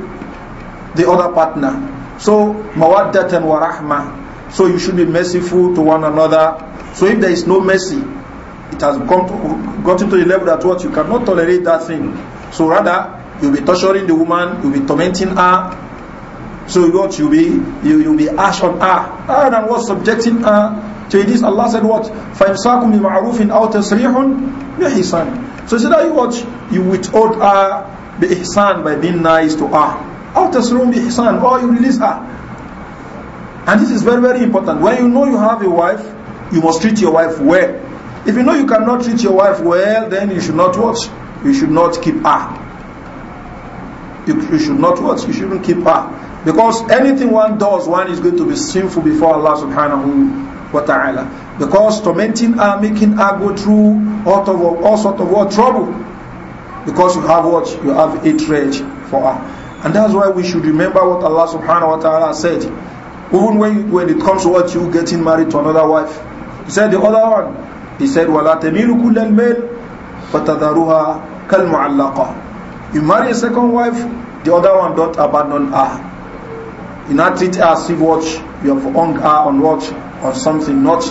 the other partner. So mawaddatan wa rahmah. So you should be merciful to one another. So if there is no mercy, it has come gotten to the level that what you cannot tolerate that thing. So rather you'll be torturing the woman, you'll be tormenting her. So what you'll be you, you'll be ash on her. rather than what subjecting her to this Allah said what? فَإِمْسَاكُمْ بِمَعْرُوفٍ أَوْ تَسْرِيحٌ بِحِسَانٍ So is that you watch, you withhold her bi ihsan by being nice to her. Out as room the ihsan, or oh, you release her. And this is very, very important. When you know you have a wife, you must treat your wife well. If you know you cannot treat your wife well, then you should not watch. You should not keep her. You, you should not watch. You shouldn't keep her. Because anything one does, one is going to be sinful before Allah subhanahu wa ta'ala. Because tormenting her, making her go through all, of, all sort of what trouble. Because you have what? You have hatred for her. And that's why we should remember what Allah subhanahu wa ta'ala said. Even when, when it comes to what you getting married to another wife. He said the other one, he said, وَلَا تَمِيلُ كُلَّ الْمَيْلِ kal كَالْمُعَلَّقَةِ You marry a second wife, the other one don't abandon her. You not treat her as if what you have hung her on what Or something not,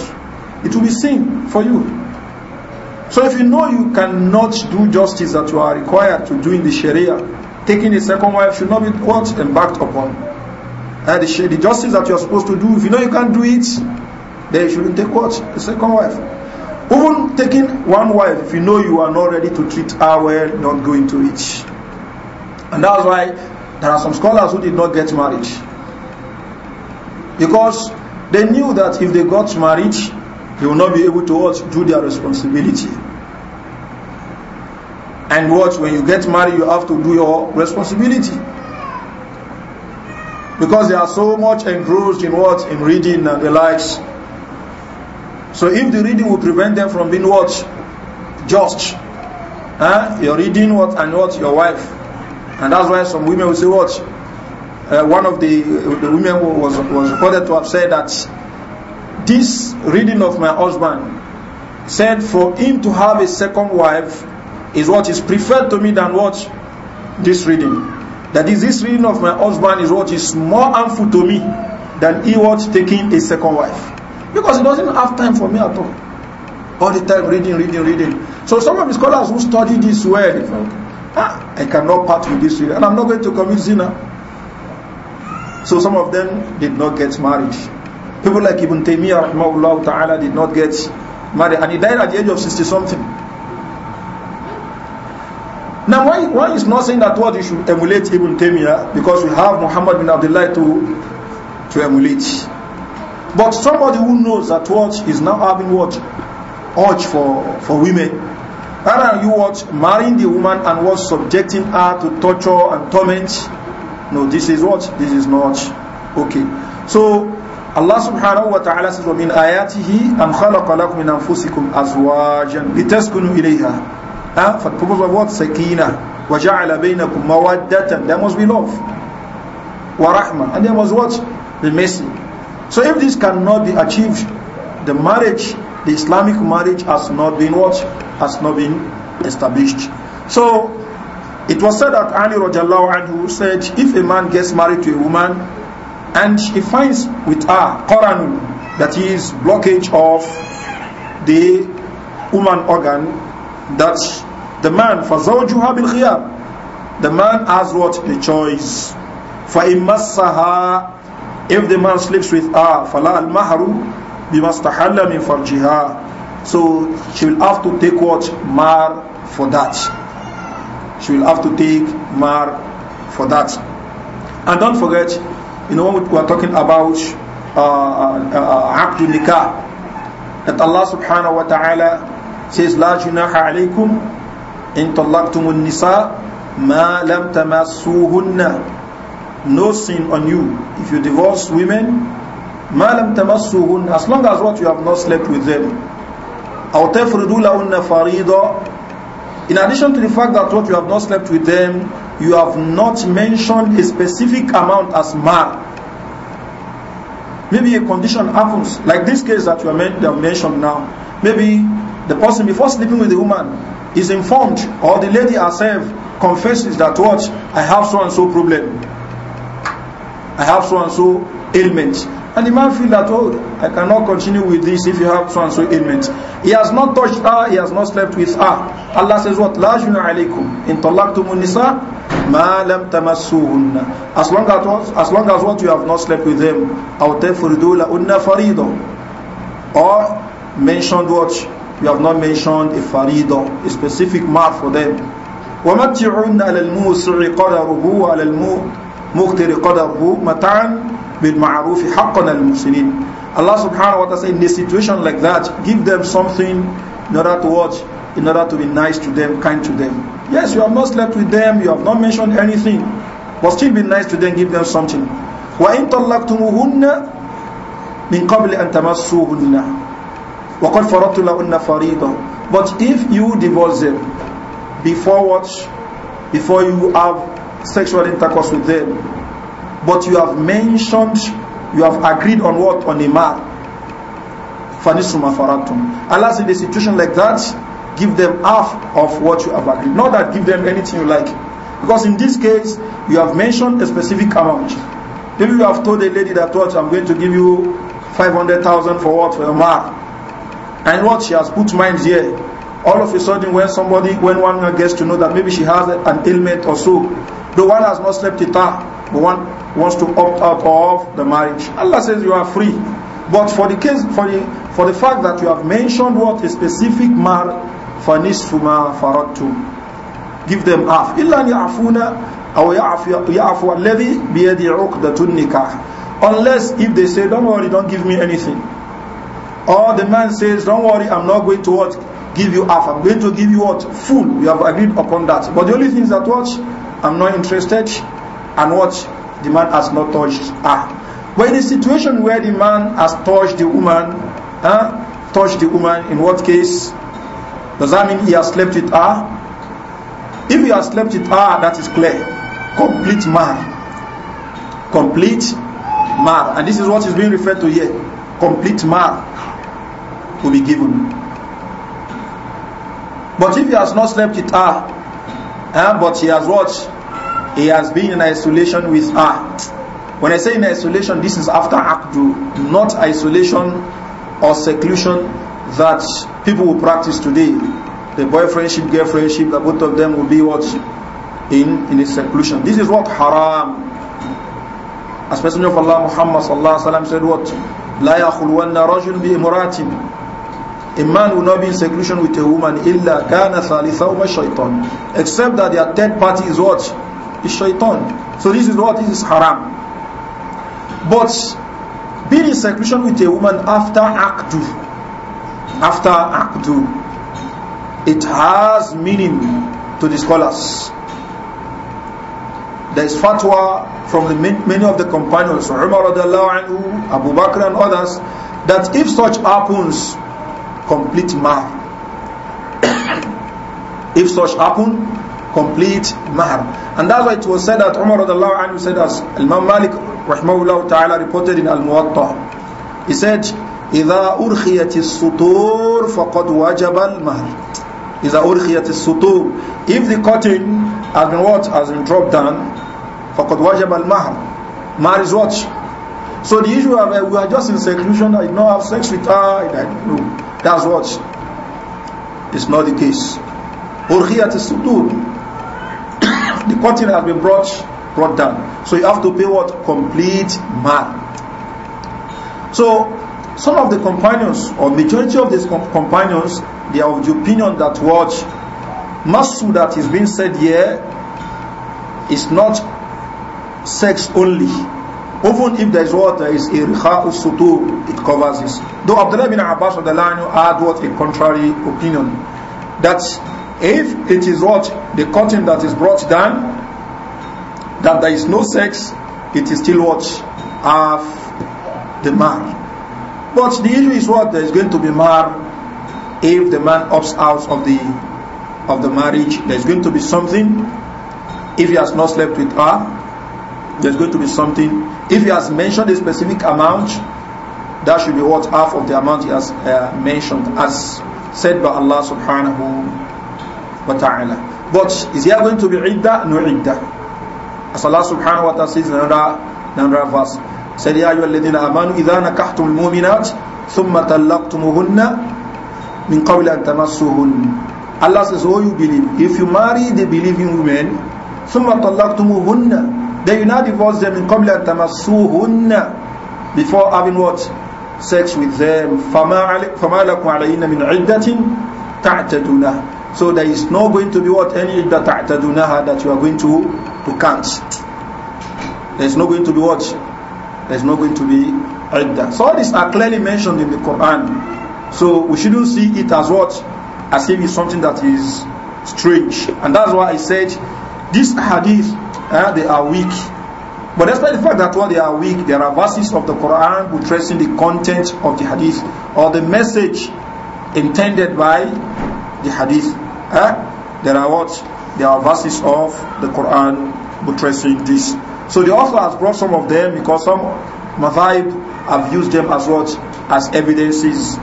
it will be sin for you. So if you know you cannot do justice that you are required to do in the Sharia, taking a second wife should not be what? Embarked upon. And uh, the, justice that you are supposed to do, if you know you can't do it, then you shouldn't take what? A second wife. Even taking one wife, if you know you are not ready to treat her well, not going to it. And that's why there are some scholars who did not get married. Because they knew that if they got married, they will not be able to do their responsibility. And what, when you get married, you have to do your responsibility. Because they are so much engrossed in what? In reading and the likes. So if the reading will prevent them from being what? Just. Huh? You're reading what and what? Your wife. And that's why some women will say what? uh, one of the, the women was, was reported to have said that this reading of my husband said for him to have a second wife is what is preferred to me than what this reading. That is, this reading of my husband is what is more harmful to me than he was taking a second wife. Because he doesn't have time for me at all. All the time reading, reading, reading. So some of the scholars who study this well, ah, I cannot part with this reading. And I'm not going to commit zina. So some of them did not get married. People like Ibn Taymiyyah rahmahullah ta'ala did not get married. And he died at the age of 60 something. Now why, why is not saying that what you should emulate Ibn Taymiyyah? Because we have Muhammad bin Abdullah to, to emulate. But somebody who knows that what is now having what? Urge for, for women. Rather you what? Marrying the woman and what? Subjecting her to torture and torment No, this is what? This is not okay. So Allah subhanahu wa ta'ala says, وَمِنْ آيَاتِهِ أَنْ خَلَقَ لَكُمْ مِنْ أَنفُسِكُمْ أَزْوَاجًا لِتَسْكُنُوا ilayha. Ah, For the purpose of what? Sakina. وَجَعَلَ بَيْنَكُمْ مَوَدَّةً There must be love. وَرَحْمَةً And there must what? The mercy. So if this cannot be achieved, the marriage, the Islamic marriage has not been what? Has not been established. So It was said that Ali Rajallahu Anhu said, if a man gets married to a woman and he finds with her Quran that is blockage of the woman organ, that the man فَزَوْجُهَا بِالْخِيَارِ The man has what? The choice. فَإِمَّسَّهَا If the man sleeps with her, فَلَا الْمَهْرُ بِمَسْتَحَلَّ مِنْ فَرْجِهَا So she will have to take what? Mar for that. We will have to take mar for that. And don't forget, you know, when we are talking about Abdul uh, uh, uh Nikah, uh, that Allah subhanahu wa ta'ala says, La جناح عليكم إن طلقتم النساء ma lam تمسوهن. No sin on you if you divorce women, ma lam تمسوهن. as long as what you have not slept with them. أو تفرضوا لهن فريضة in addition to the fact that what you have not slept with them, you have not mentioned a specific amount as mar. Maybe a condition happens, like this case that you have mentioned now. Maybe the person before sleeping with the woman is informed, or the lady herself confesses that what I have so and so problem, I have so and so ailment. And the man feel that, oh, I cannot continue with this if you have so and so ailment. He has not touched her, he has not slept with her. Allah says what? La juna alaykum. In talaqtumun nisa, ma lam tamassuhunna. As long as what, as long as what you have not slept with them, aw tafridu unna farido. Or mentioned what? You have not mentioned a farido, a specific mark for them. Wa وَمَتِّعُنَّ عَلَى الْمُوسِعِ قَدَرُهُ وَعَلَى الْمُقْتِرِ قَدَرُهُ matan. بالمعروف حقا للمحسنين الله سبحانه وتعالى in a situation like that, give them something in order to watch, in order to be nice to them, kind to them. Yes, you have not slept with them, you have not mentioned anything, but still be nice to them, give them something. وَإِن طَلَّقْتُمُهُنَّ مِن قَبْلِ أَن تَمَسُّوهُنَّ وَقَدْ فَرَضْتُ لَهُنَّ فَرِيضًا But if you divorce them before what? Before you have sexual intercourse with them, but you have mentioned, you have agreed on what? On a man. Fanisuma faratum. Alas, in a situation like that, give them half of what you have agreed. Not that give them anything you like. Because in this case, you have mentioned a specific amount. Maybe you have told a lady that what I'm going to give you 500,000 for what? For a mark. And what she has put minds here. All of a sudden, when somebody, when one gets to know that maybe she has an ailment or so, the one has not slept it out the one wants to opt out of the marriage. Allah says you are free. But for the case for the for the fact that you have mentioned what a specific mar fanisfuma faratu, Give them half. Illa ya'funa aw ya'fu alladhi bi yadi 'uqdatun nikah. Unless if they say don't worry don't give me anything. Or the man says don't worry I'm not going to what give you half. I'm going to give you what full. We have agreed upon that. But the only thing is that what I'm not interested and what the man has not touched her. But in a situation where the man has touched the woman, huh, touched the woman, in what case does that mean he has slept with her? If he has slept with her, that is clear. Complete man, Complete man, And this is what is being referred to here. Complete man will be given. But if he has not slept with her, eh, but he has watched he has been in isolation with her. When I say in isolation, this is after Akdu, not isolation or seclusion that people will practice today. The boyfriendship, girlfriendship, the both of them will be what? In, in a seclusion. This is what haram. As Messenger of Allah Muhammad said what? لا يخلون رجل بامرأة a man will not be in seclusion with a woman إلا كان ثالثهما شيطان except that their third party is what? is shaitan. So this is what? This is haram. But being in seclusion with a woman after akdu, after akdu, it has meaning to the scholars. There is fatwa from the many of the companions, Umar anhu, Abu Bakr and others, that if such happens, complete mar. if such happens. complete mahar. And that's why it was said that Umar radiallahu anhu said as Imam Malik rahmahullah ta'ala reported in Al-Muwatta. He said, إِذَا أُرْخِيَتِ السُّطُورُ فَقَدْ وَجَبَ الْمَهْرِ إِذَا أُرْخِيَتِ السُّطُورُ If the cotton has been what? Has been dropped down, فَقَدْ وَجَبَ الْمَهْرِ Mahar is what? So the issue of uh, we are just in seclusion, I don't have sex with her, like, no. That's what? It's not the case. أُرْخِيَتِ السُّطُورُ the curtain has been brought brought down. So you have to pay what? Complete man. So some of the companions, or majority of these companions, they are of the opinion that what masu that is being said here is not sex only. Even if there is what there is a sutu, it covers this. Though Abdullah bin Abbas had what a contrary opinion. That if it is what? The curtain that is brought down, that there is no sex, it is still what? Half the man. But the issue is what? There is going to be mar if the man opts out of the of the marriage. There's going to be something if he has not slept with her. There's going to be something if he has mentioned a specific amount. That should be what half of the amount he has uh, mentioned, as said by Allah Subhanahu wa ta'ala. But is there going to be idda? No idda. As Allah subhanahu wa ta'ala says in another, another verse, said, يَا أَيُّهَا الَّذِينَ آمَنُوا إِذَا نَكَحْتُمُ الْمُؤْمِنَاتِ ثُمَّ طَلَّقْتُمُهُنَّ مِنْ قَوْلِ أَنْ تَمَسُّهُنَّ Allah says, oh you believe, if you marry the believing women, ثُمَّ طَلَّقْتُمُهُنَّ Then you now divorce them مِنْ قَوْلِ أَنْ تَمَسُّهُنَّ Before having what? Sex with them. فَمَا لَكُمْ عَلَيْنَا مِنْ عِدَّةٍ تَعْتَدُونَهُ so there is no going to be what any idda that you are going to to count. There's no going to be what? There's no going to be idda. So all these are clearly mentioned in the Quran. So we shouldn't see it as what? As if it's something that is strange. And that's why I said these hadith, eh, they are weak. But despite the fact that while they are weak, there are verses of the Quran addressing the content of the hadith or the message intended by the hadith. Eh? There are what? There are verses of the Quran buttressing this. So the author has brought some of them because some madhaib have used them as what? As evidences.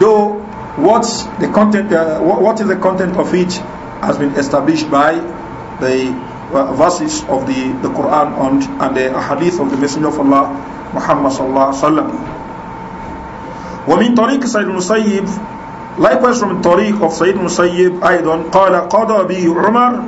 Though what the content, uh, what is the content of it has been established by the uh, verses of the, the Quran and, and the hadith of the Messenger of Allah Muhammad sallallahu alaihi wasallam. ومن طريق سيد المسيب Likewise from Tariq of Sayyid Musayyib أيضا قال قضى به عمر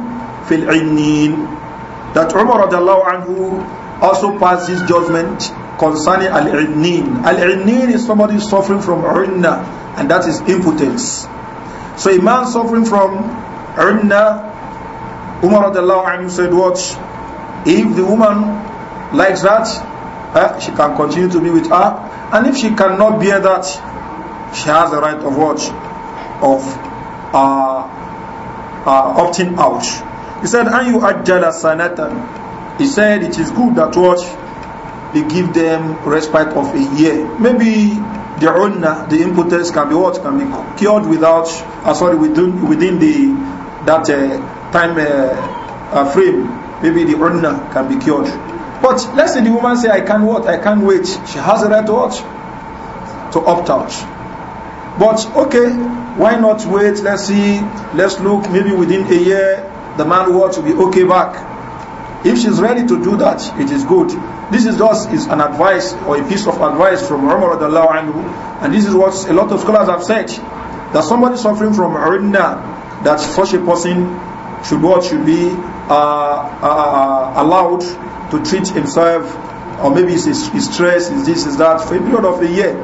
في العنين that Umar الله عنه also passed his judgment concerning Al-Innin Al-Innin is somebody suffering from Urna and that is impotence so a man suffering from Urna Umar الله عنه said what if the woman likes that uh, she can continue to be with her and if she cannot bear that she has the right of what? Of uh, uh, opting out. He said, and you ajala sanatan. He said, it is good that what? They give them respite of a year. Maybe the owner, the impotence can be what? Can be cured without, uh, sorry, within, within the, that uh, time uh, uh, frame. Maybe the owner can be cured. But let's say the woman say, I can't what? I can't wait. She has the right to what? To opt out. But okay, why not wait? Let's see, let's look. Maybe within a year, the man will to be okay back. If she's ready to do that, it is good. This is just is an advice or a piece of advice from Umar anhu, and this is what a lot of scholars have said that somebody suffering from urina, that such a person should what should be uh, uh, uh allowed to treat himself, or maybe his, his stress, is this, is that, for a period of a year.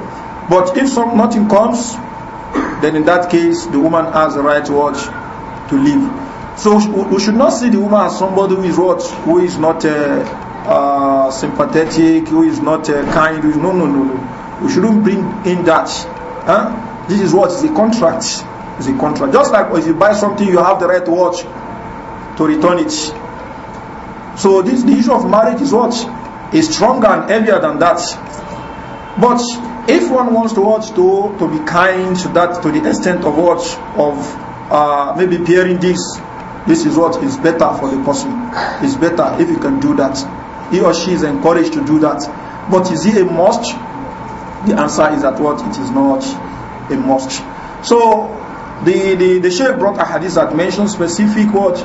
But if some, nothing comes, then in that case, the woman has the right to watch to leave. So we should not see the woman as somebody who is what, who is not uh, uh, sympathetic, who is not uh, kind. no, no, no, no. We shouldn't bring in that. Huh? This is what is a contract. Is a contract. Just like if you buy something, you have the right to watch to return it. So this the issue of marriage is what is stronger and heavier than that. But if one wants to watch to, to be kind to that to the extent of watch of uh, maybe peering this, this is what is better for the person. It's better if you can do that. He or she is encouraged to do that. But is it a must? The answer is that what it is not a must. So the, the, the Shaykh brought a hadith that mentions specific what?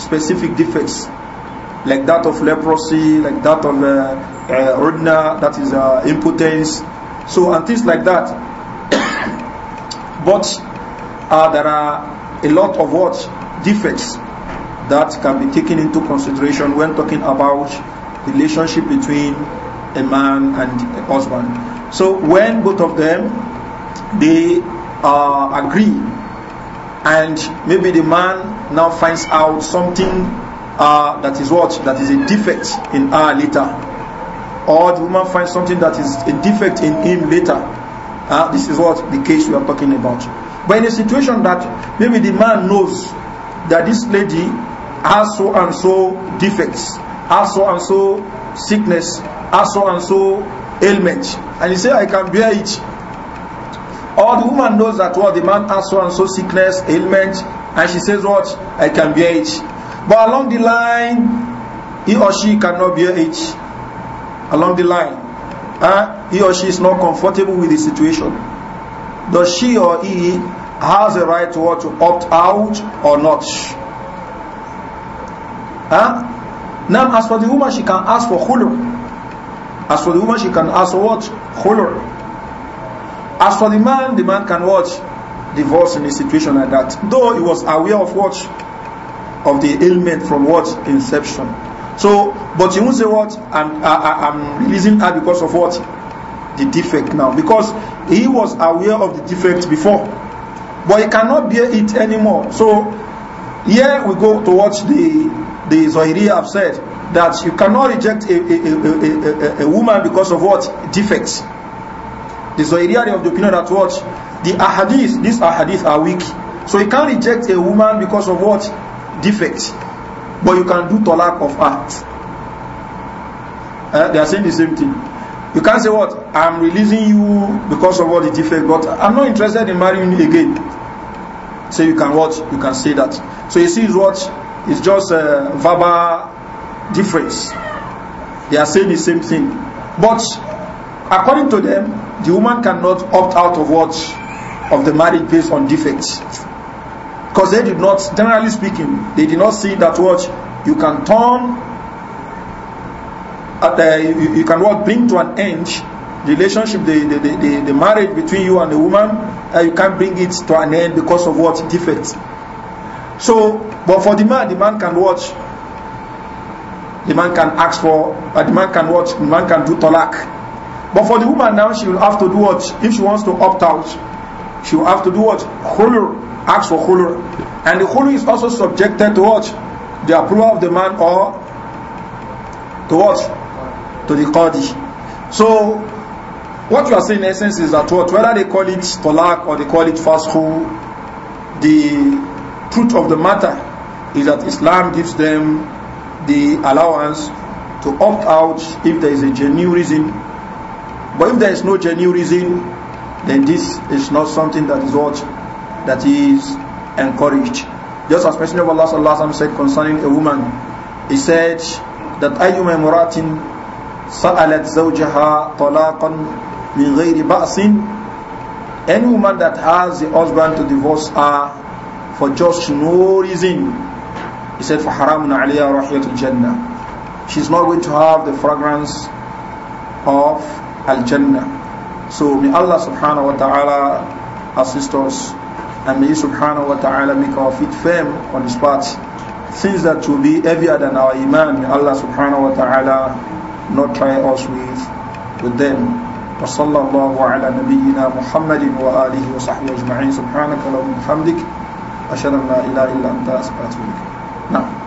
Specific defects. Like that of leprosy, like that of uh, uh, that is uh, impotence, so, and things like that. but uh, there are a lot of what defects that can be taken into consideration when talking about relationship between a man and a husband. So when both of them they uh, agree, and maybe the man now finds out something uh, that is what that is a defect in her later, or the woman finds something that is a defect in him later. Uh, this is what the case we are talking about. But in a situation that maybe the man knows that this lady has so and so defects, has so and so sickness, has so and so ailment, and he say, I can bear it. Or the woman knows that what the man has so and so sickness, ailment, and she says, What? I can bear it. But along the line, he or she cannot bear it along the line, uh, he or she is not comfortable with the situation. Does she or he has a right to, what, to opt out or not? Huh? Now, as for the woman, she can ask for khulur. As for the woman, she can ask for what? As for the man, the man can watch divorce in a situation like that. Though he was aware of what? Of the ailment from what? Inception. So, but you won't say what? I'm, I, am releasing her because of what? The defect now. Because he was aware of the defect before. But he cannot bear it anymore. So, here we go to what the, the Zohiri have said. That you cannot reject a, a, a, a, a woman because of what? Defects. The Zohiri are of the opinion that what? The ahadith, these ahadith are weak. So you can't reject a woman because of what? Defects. But you can do talak of art. Uh, they are saying the same thing. You can't say what I'm releasing you because of all the defect, but I'm not interested in marrying you again. So you can what you can say that. So you see, is what is just a uh, verbal difference. They are saying the same thing, but according to them, the woman cannot opt out of what of the marriage based on defects. Because they did not, generally speaking, they did not see that what you can turn, at the, uh, you, you, can what bring to an end the relationship, the, the, the, the, marriage between you and the woman, uh, you can't bring it to an end because of what defect. So, but for the man, the man can watch. The man can ask for, uh, the man can watch, the man can do talak. But for the woman now, she will have to do what? If she wants to opt out, she will have to do what? Khulur. Ask for khulur. And the khulur is also subjected to what? The approval of the man or to what? To the qadi. So, what you are saying in essence is that what, whether they call it tolak or they call it fashu, the truth of the matter is that Islam gives them the allowance to opt out if there is a genuine reason. But if there is no genuine reason, then this is not something that is what that is encouraged. Just as Messenger of Allah sallallahu said concerning a woman, he said that muratin sa'alat zawjaha talaqan min ba'sin any woman that has the husband to divorce her for just no reason he said for haramun aliyah al jannah she's not going to have the fragrance of al jannah so may Allah subhanahu wa ta'ala assist us and may He subhanahu wa ta'ala make our feet firm on this path. Things that will be heavier than our iman, may Allah subhanahu wa ta'ala not try us with, with them. وصلى الله على نبينا محمد وآله وصحبه أجمعين سبحانك اللهم وبحمدك أشهد أن لا إله إلا أنت أستغفرك نعم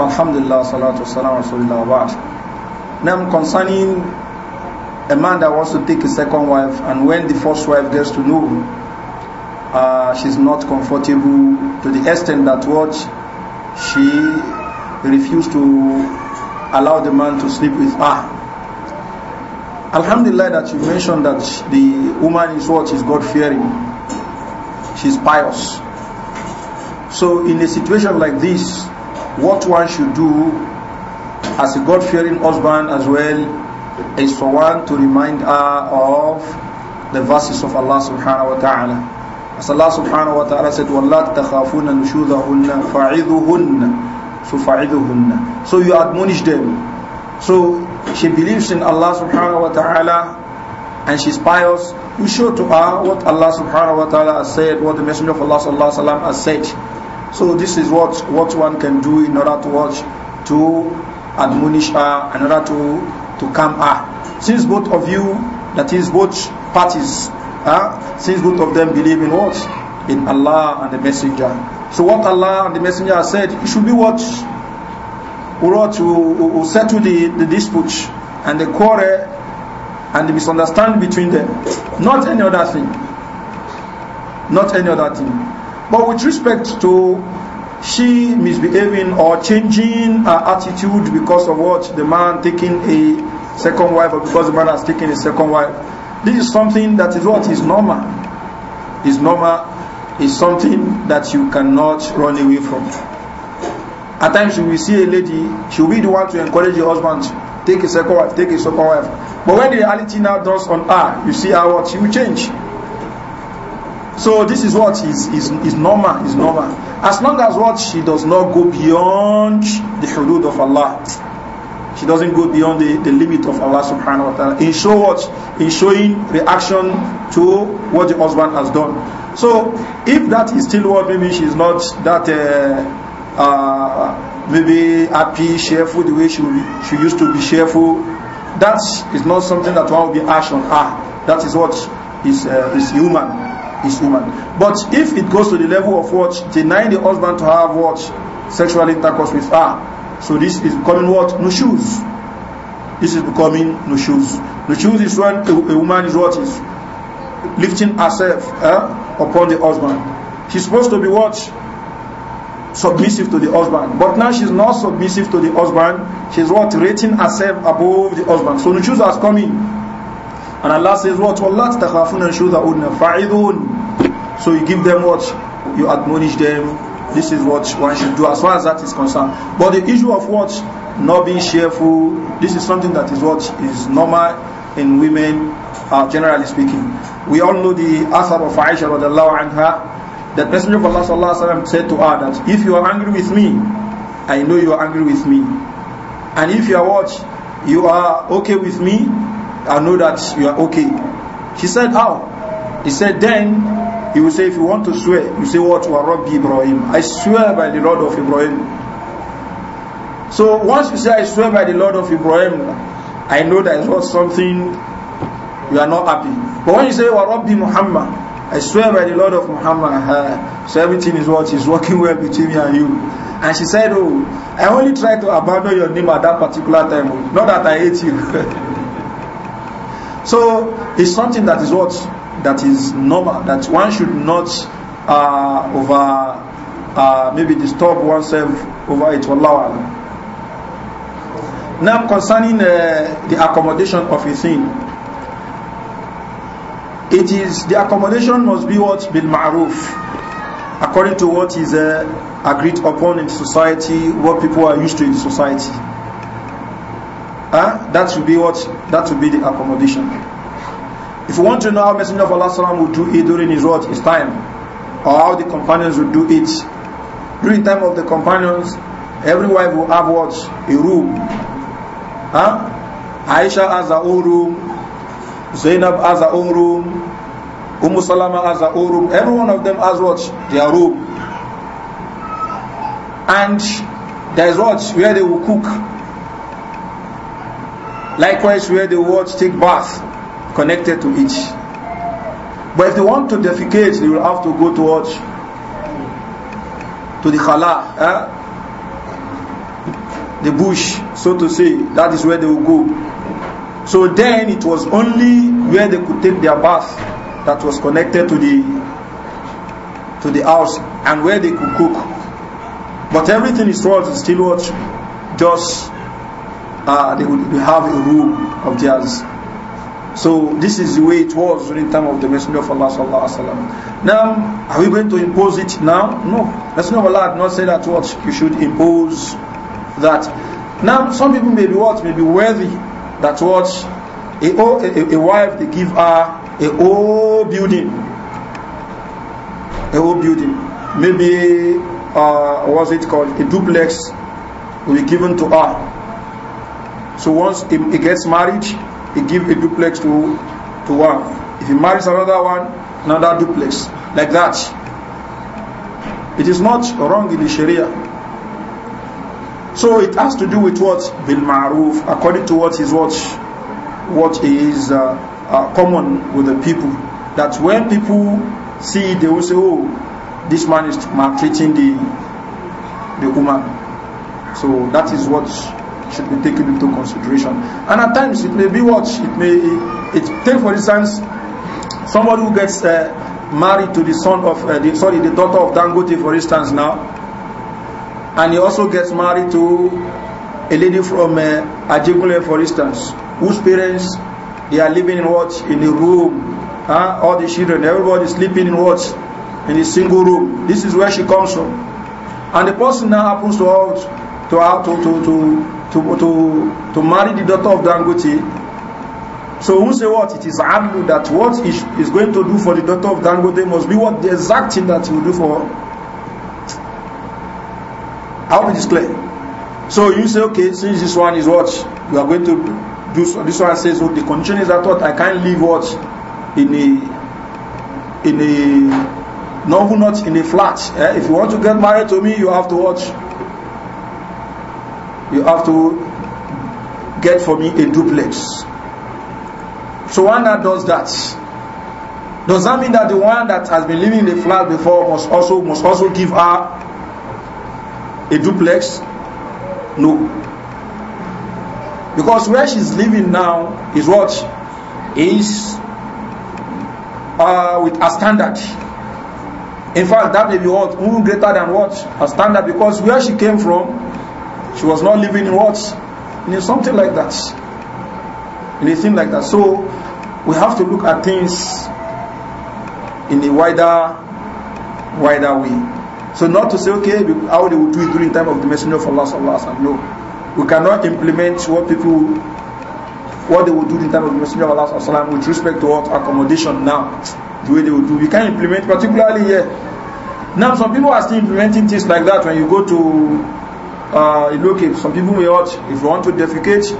alhamdulillah salatu salam rasulillah wa Now concerning a man that wants to take a second wife and when the first wife gets to know uh, she's not comfortable to the extent that what she refused to allow the man to sleep with her. Alhamdulillah that you mentioned that the woman is what is God fearing. She's pious. So in a situation like this, what one should do as a God-fearing husband as well is for one to remind her of the verses of Allah subhanahu wa ta'ala. As Allah subhanahu wa ta'ala said, وَاللَّاتِ تَخَافُونَ نُشُوذَهُنَّ فَعِذُهُنَّ So فَعِذُهُنَّ So you admonish them. So she believes in Allah subhanahu wa ta'ala and she's pious. You show to her what Allah subhanahu wa ta'ala has said, what the Messenger of Allah sallallahu alaihi wasallam has said. So this is what, what one can do in order to watch, to admonish her, in order to, to calm her. Since both of you, that is both parties, since both of them believe in what? In Allah and the Messenger. So what Allah and the Messenger said, it should be what? What to settle the, the dispute and the quarrel and the misunderstanding between them. Not any other thing. Not any other thing. But with respect to she misbehaving or changing her attitude because of what the man taking a second wife or because the man has taken a second wife, this is something that is what is normal. Is normal is something that you cannot run away from. At times you will see a lady, she will be the one to encourage your husband, take a second wife, take a second wife. But when the reality now does on her, you see how what she will change. So this is what is, is, is normal, is normal. As long as what she does not go beyond the hudud of Allah. She doesn't go beyond the, the limit of Allah subhanahu wa ta'ala. In show what? In showing reaction to what the husband has done. So if that is still what maybe is not that uh, uh, maybe happy, cheerful the way she, she used to be cheerful, that is not something that one will be harsh on her. That is what is, uh, is human his woman. But if it goes to the level of what? Denying the husband to have what? Sexual intercourse with her. So this is becoming what? No shoes. This is becoming no shoes. No shoes is when a, a woman is what? Is lifting herself eh, upon the husband. She's supposed to be what? Submissive to the husband. But now she's not submissive to the husband. She's what? Rating herself above the husband. So no shoes has come in. And Allah says, What? وَلَا تَخَافُونَ شُوذَهُنَّ faidun. So you give them what? You admonish them. This is what one should do as far as that is concerned. But the issue of what? Not being cheerful, this is something that is what is normal in women, uh, generally speaking. We all know the Athar of Aisha radiallahu anha, that Messenger of Allah sallallahu alayhi wa said to her that if you are angry with me, I know you are angry with me. And if you are what? You are okay with me, I know that you are okay. She said, How? He said, Then he will say, if you want to swear, you say what? to Rabbi Ibrahim. I swear by the Lord of Ibrahim. So once you say, I swear by the Lord of Ibrahim, I know that is what something you are not happy. But when you say, Wa Rabbi Muhammad, I swear by the Lord of Muhammad, uh, so everything is what is working well between me and you. And she said, Oh, I only tried to abandon your name at that particular time. Oh. Not that I hate you. so it's something that is what that is normal, that one should not uh, over, uh, maybe disturb oneself over it. Wallahu alam. Now concerning uh, the accommodation of a thing, it is the accommodation must be what bil ma'ruf, according to what is uh, agreed upon in society, what people are used to in society. Huh? That should be what that should be the accommodation. If you want to know how Messenger of Allah would do it during his watch, his time, or how the companions would do it, during time of the companions, every wife will have what? A room. Huh? Aisha has her own room, Zainab has her own room, Umm Salama has her own room. Every one of them has what? Their room. And there is what? Where they will cook. Likewise, where they will take bath connected to it. But if they want to defecate, they will have to go towards to the khala, eh? the bush, so to say. That is where they will go. So then it was only where they could take their bath that was connected to the to the house and where they could cook. But everything is towards still what just uh, they would have a room of theirs. So this is the way it was during the time of the Messenger of Allah sallallahu alaihi wasallam. Now, are we going to impose it now? No. Messenger of Allah did not say that what you should impose that. Now, some people may be what may be worthy that what a, a, a wife they give her a whole building, a whole building, maybe uh, what's it called a duplex will be given to her. So once he, he gets married he give a duplex to to one. If he marries another one, another duplex. Like that. It is not wrong in the Sharia. So it has to do with what bil ma'ruf, according to what is what, what is uh, uh, common with the people. That when people see, they will say, "Oh, this man is maltreating the the woman." So that is what should be taken into consideration. And at times it may be what it may it take for instance somebody who gets uh, married to the son of uh, the sorry the daughter of Dangote for instance now and he also gets married to a lady from uh, for instance whose parents they are living in what in a room huh? all the children everybody sleeping in what in a single room this is where she comes from and the person now happens to have Uh, to, to, to, to, to, to, marry the daughter of Dangote. So who say what? It is Adlu that what is, is going to do for the daughter of Dangote must be what the exact thing that he will do for her. How it is clear. So you say, okay, since this one is what you are going to do, so this one says, oh, the condition is that what I can't live what in a in a novel, not in a flat. Eh? If you want to get married to me, you have to watch you have to get for me a duplex. So one that does that, does that mean that the one that has been living in the flat before must also must also give her a duplex? No. Because where she's living now is what is uh, with a standard. In fact, that may be what greater than what a standard because where she came from she was not living in what? In something like that. In a thing like that. So we have to look at things in a wider, wider way. So not to say, okay, how they would do it during time of the Messenger of Allah sallallahu alaihi wasallam. No, we cannot implement what people, what they would do in time of the Messenger of Allah sallallahu alaihi wasallam with respect to what accommodation now, the way they would do. We can implement, particularly here. Now some people are still implementing things like that when you go to uh, looking. Some people may what, if you want to defecate,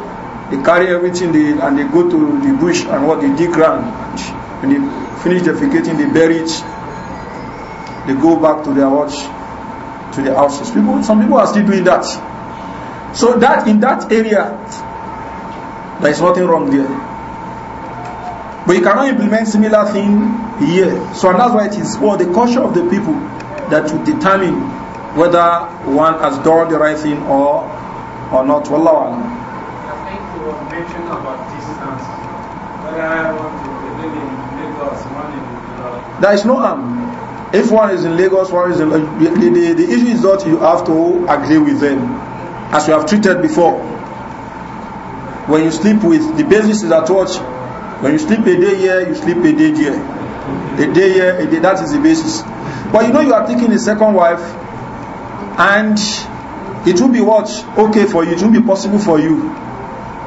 they carry everything they, and they go to the bush and what they dig ground. And when they finish defecating, they bury it. They go back to their watch, to their houses. People, some people are still doing that. So that in that area, there is nothing wrong there. But you cannot implement similar thing here. So and that's why it is well the culture of the people that will determine whether one has done the right thing or or not. Wallahu alam. mentioning about distance. Whether I want to live in Lagos, one in There is no harm. If one is in Lagos, one is in the, the, the issue is that you have to agree with them, as we have treated before. When you sleep with the basis is at what when you sleep a day here, you sleep a day here, A day here, a day that is the basis. But you know you are taking a second wife, and it will be what okay for you it will be possible for you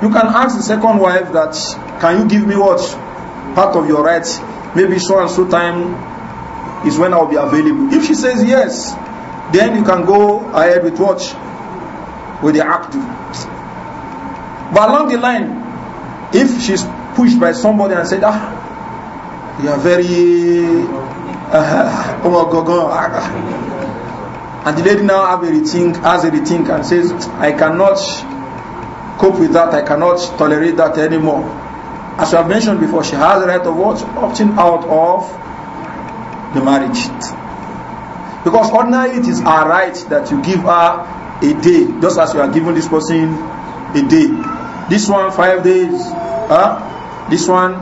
you can ask the second wife that can you give me what part of your rights maybe so and so time is when i'll be available if she says yes then you can go ahead with what with the act. but along the line if she's pushed by somebody and said ah you are very uh, oh my god. Ah, And the lady now have a rethink, has a rethink and says, I cannot cope with that, I cannot tolerate that anymore. As I have mentioned before, she has the right of what? Opting out of the marriage. Because ordinarily it is our right that you give her a day, just as you are giving this person a day. This one, five days. Huh? This one.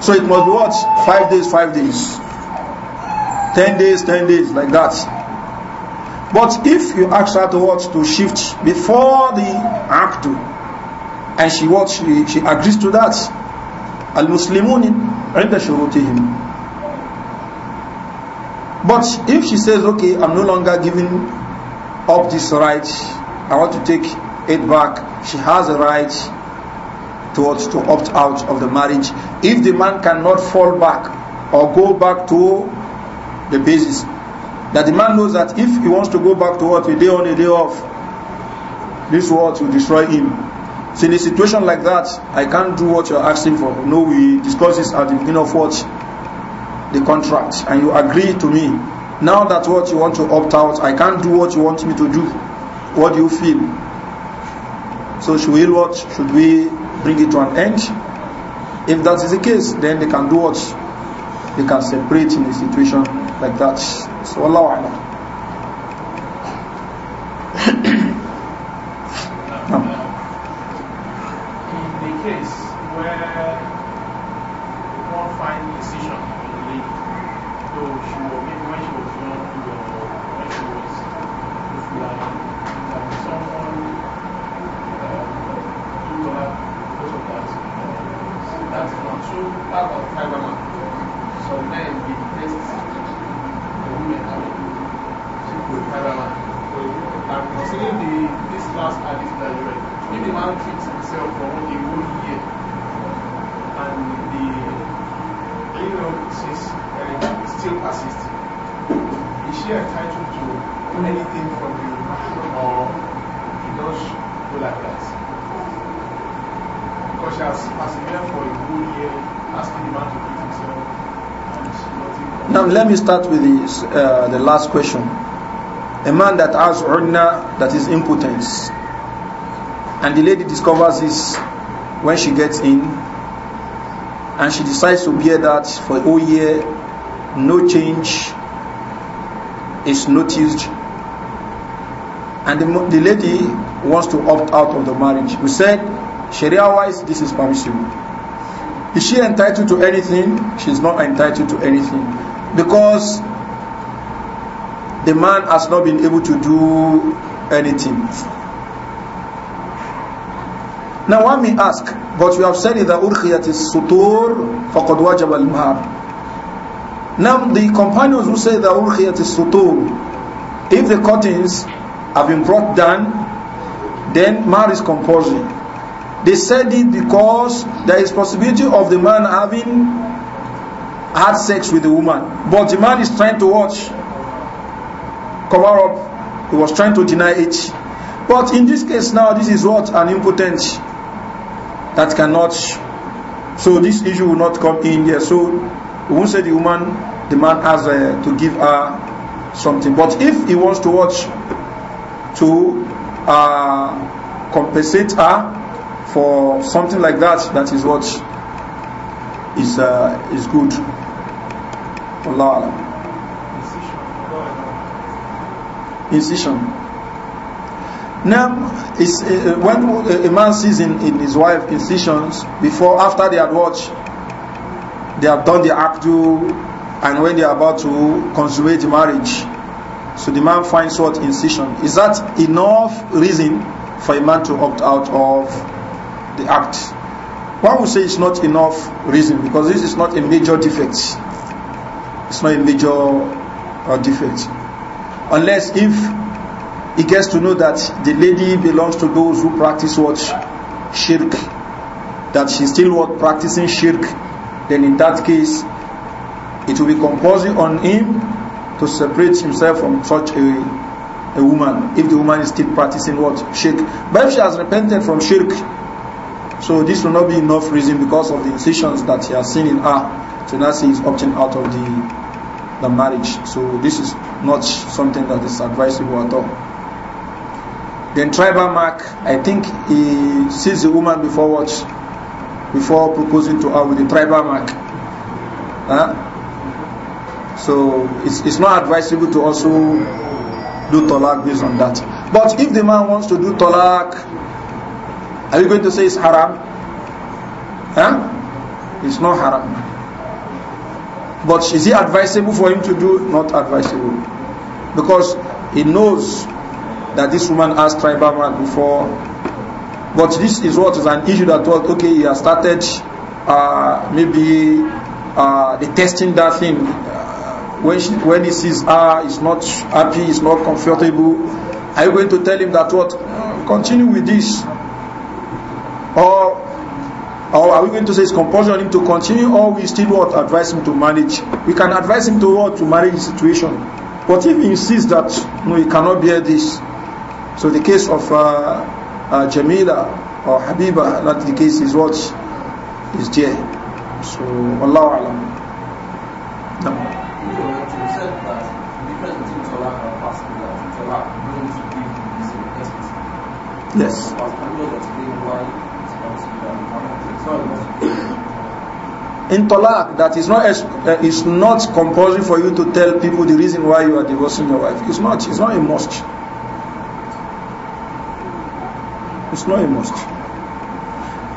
So it must be what? Five days, five days. 10 days, 10 days, like that. But if you ask her to what? To shift before the act, and she what? She, she agrees to that. Al Muslimun عند شروطهم. But if she says, okay, I'm no longer giving up this right, I want to take it back, she has a right towards to opt out of the marriage if the man cannot fall back or go back to the basis. That the man knows that if he wants to go back to what a day on, a day off, this world will destroy him. So in a situation like that, I can't do what you're asking for. No, we discuss this at the beginning of what the contract, and you agree to me. Now that what you want to opt out, I can't do what you want me to do. What do you feel? So should we what? Should we bring it to an end? If that is the case, then they can do what? They can separate in a situation like that. So Allah let me start with uh, the last question. A man that has urna, that is impotence, and the lady discovers this when she gets in, and she decides to bear that for a whole year, no change is noticed, and the, the lady wants to opt out of the marriage. We said, Sharia wise, this is permissible. Is she entitled to anything? She's not entitled to anything. because the man has not been able to do anything. Now one may ask, but we have said that urkhiyat is sutur faqad wajab al mahar. Now the companions who say that urkhiyat is sutur, if the curtains have been brought down, then mahar is compulsory. They said it because there is possibility of the man having had sex with the woman. But the man is trying to watch, cover up. He was trying to deny it. But in this case now, this is what an impotent that cannot. So this issue will not come in here. So we won't say the woman, the man has uh, to give her something. But if he wants to watch, to uh, compensate her for something like that, that is what is uh, is good. Allah Alam. Incision. Now, is uh, when uh, a man sees in, in his wife incisions, before, after they had watched, they have done the act, and when they are about to consummate the marriage, so the man finds what incision. Is that enough reason for a man to opt out of the act? One would say it's not enough reason because this is not a major defect. it's not a major uh, defect. Unless if he gets to know that the lady belongs to those who practice what? Shirk. That she's still what? Practicing shirk. Then in that case, it will be compulsory on him to separate himself from such a, a woman if the woman is still practicing what? Shirk. But if she has repented from shirk, So this will not be enough reason because of the incisions that he has seen in her. So now she is opting out of the the marriage. So this is not something that is advisable at all. Then tribal mark, I think he sees the woman before what? Before proposing to her with the tribal mark. Huh? So it's, it's not advisable to also do talak based on that. But if the man wants to do talak are you going to say it's haram? Huh? It's not haram. But is it advisable for him to do? Not advisable. Because he knows that this woman asked tribal man before. But this is what is an issue that was okay, he has started uh, maybe uh, the testing that thing. Uh, when, she, when he sees ah, he's not happy, he's not comfortable. Are you going to tell him that what? Uh, continue with this or or are we going to say it's compulsion on him to continue or we still what advise him to manage we can advise him to what to manage the situation but if he insists that no he cannot bear this so the case of uh, uh, Jamila or Habiba that the case is what is there so Allah alam no. Yes. in talaq that is not uh, is not compulsory for you to tell people the reason why you are divorcing your wife. It's not. It's not a must. It's not a must.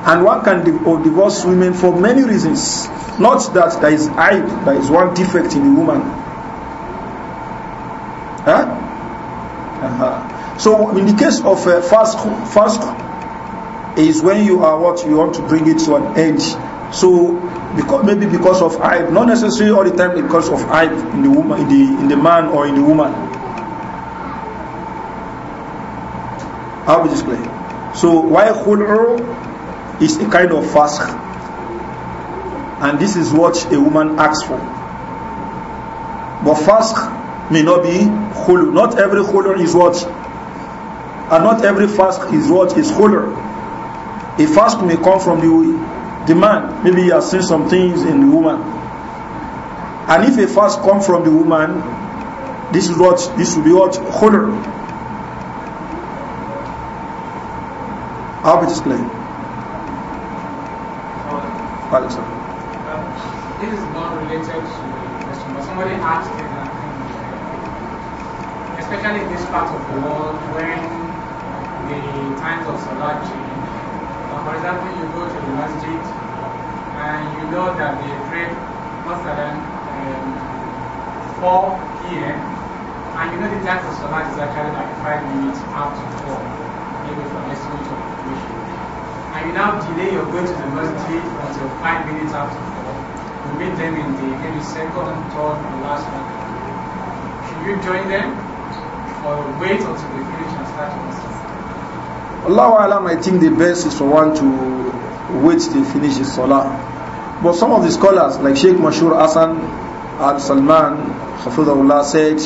And one can oh, divorce women for many reasons. Not that there is I. there is one defect in the woman. Huh? Uh -huh. So in the case of uh, eh, fast, fast is when you are what you want to bring it to an end so because, maybe because of I, not necessarily all the time because of I in the woman, in the in the man or in the woman. How we display. So why khul'u is a kind of fast, and this is what a woman asks for. But fast may not be khulu. Not every khulu is what, and not every fast is what is khulu. A fast may come from the the man, maybe he has seen some things in the woman. And if a fast come from the woman, this is what this will be what khulr. I will it is clear. So, um, this is not related to the question, but somebody asked especially in this part of the world when the times of Salah for example, you go to the masjid and you know that they pray, Masalan, um, 4 p.m. And you know the time for Salah is actually like 5 minutes after 4, maybe for next week of information. And you now delay your going to the masjid until 5 minutes after 4. You meet them in the maybe second, third, and last one. Should you join them or wait until they finish and start your Allah Alam, I think the best is for one to wait to finish his salah. But some of the scholars, like Sheikh Mashur Hassan Al Salman, Hafidahullah, said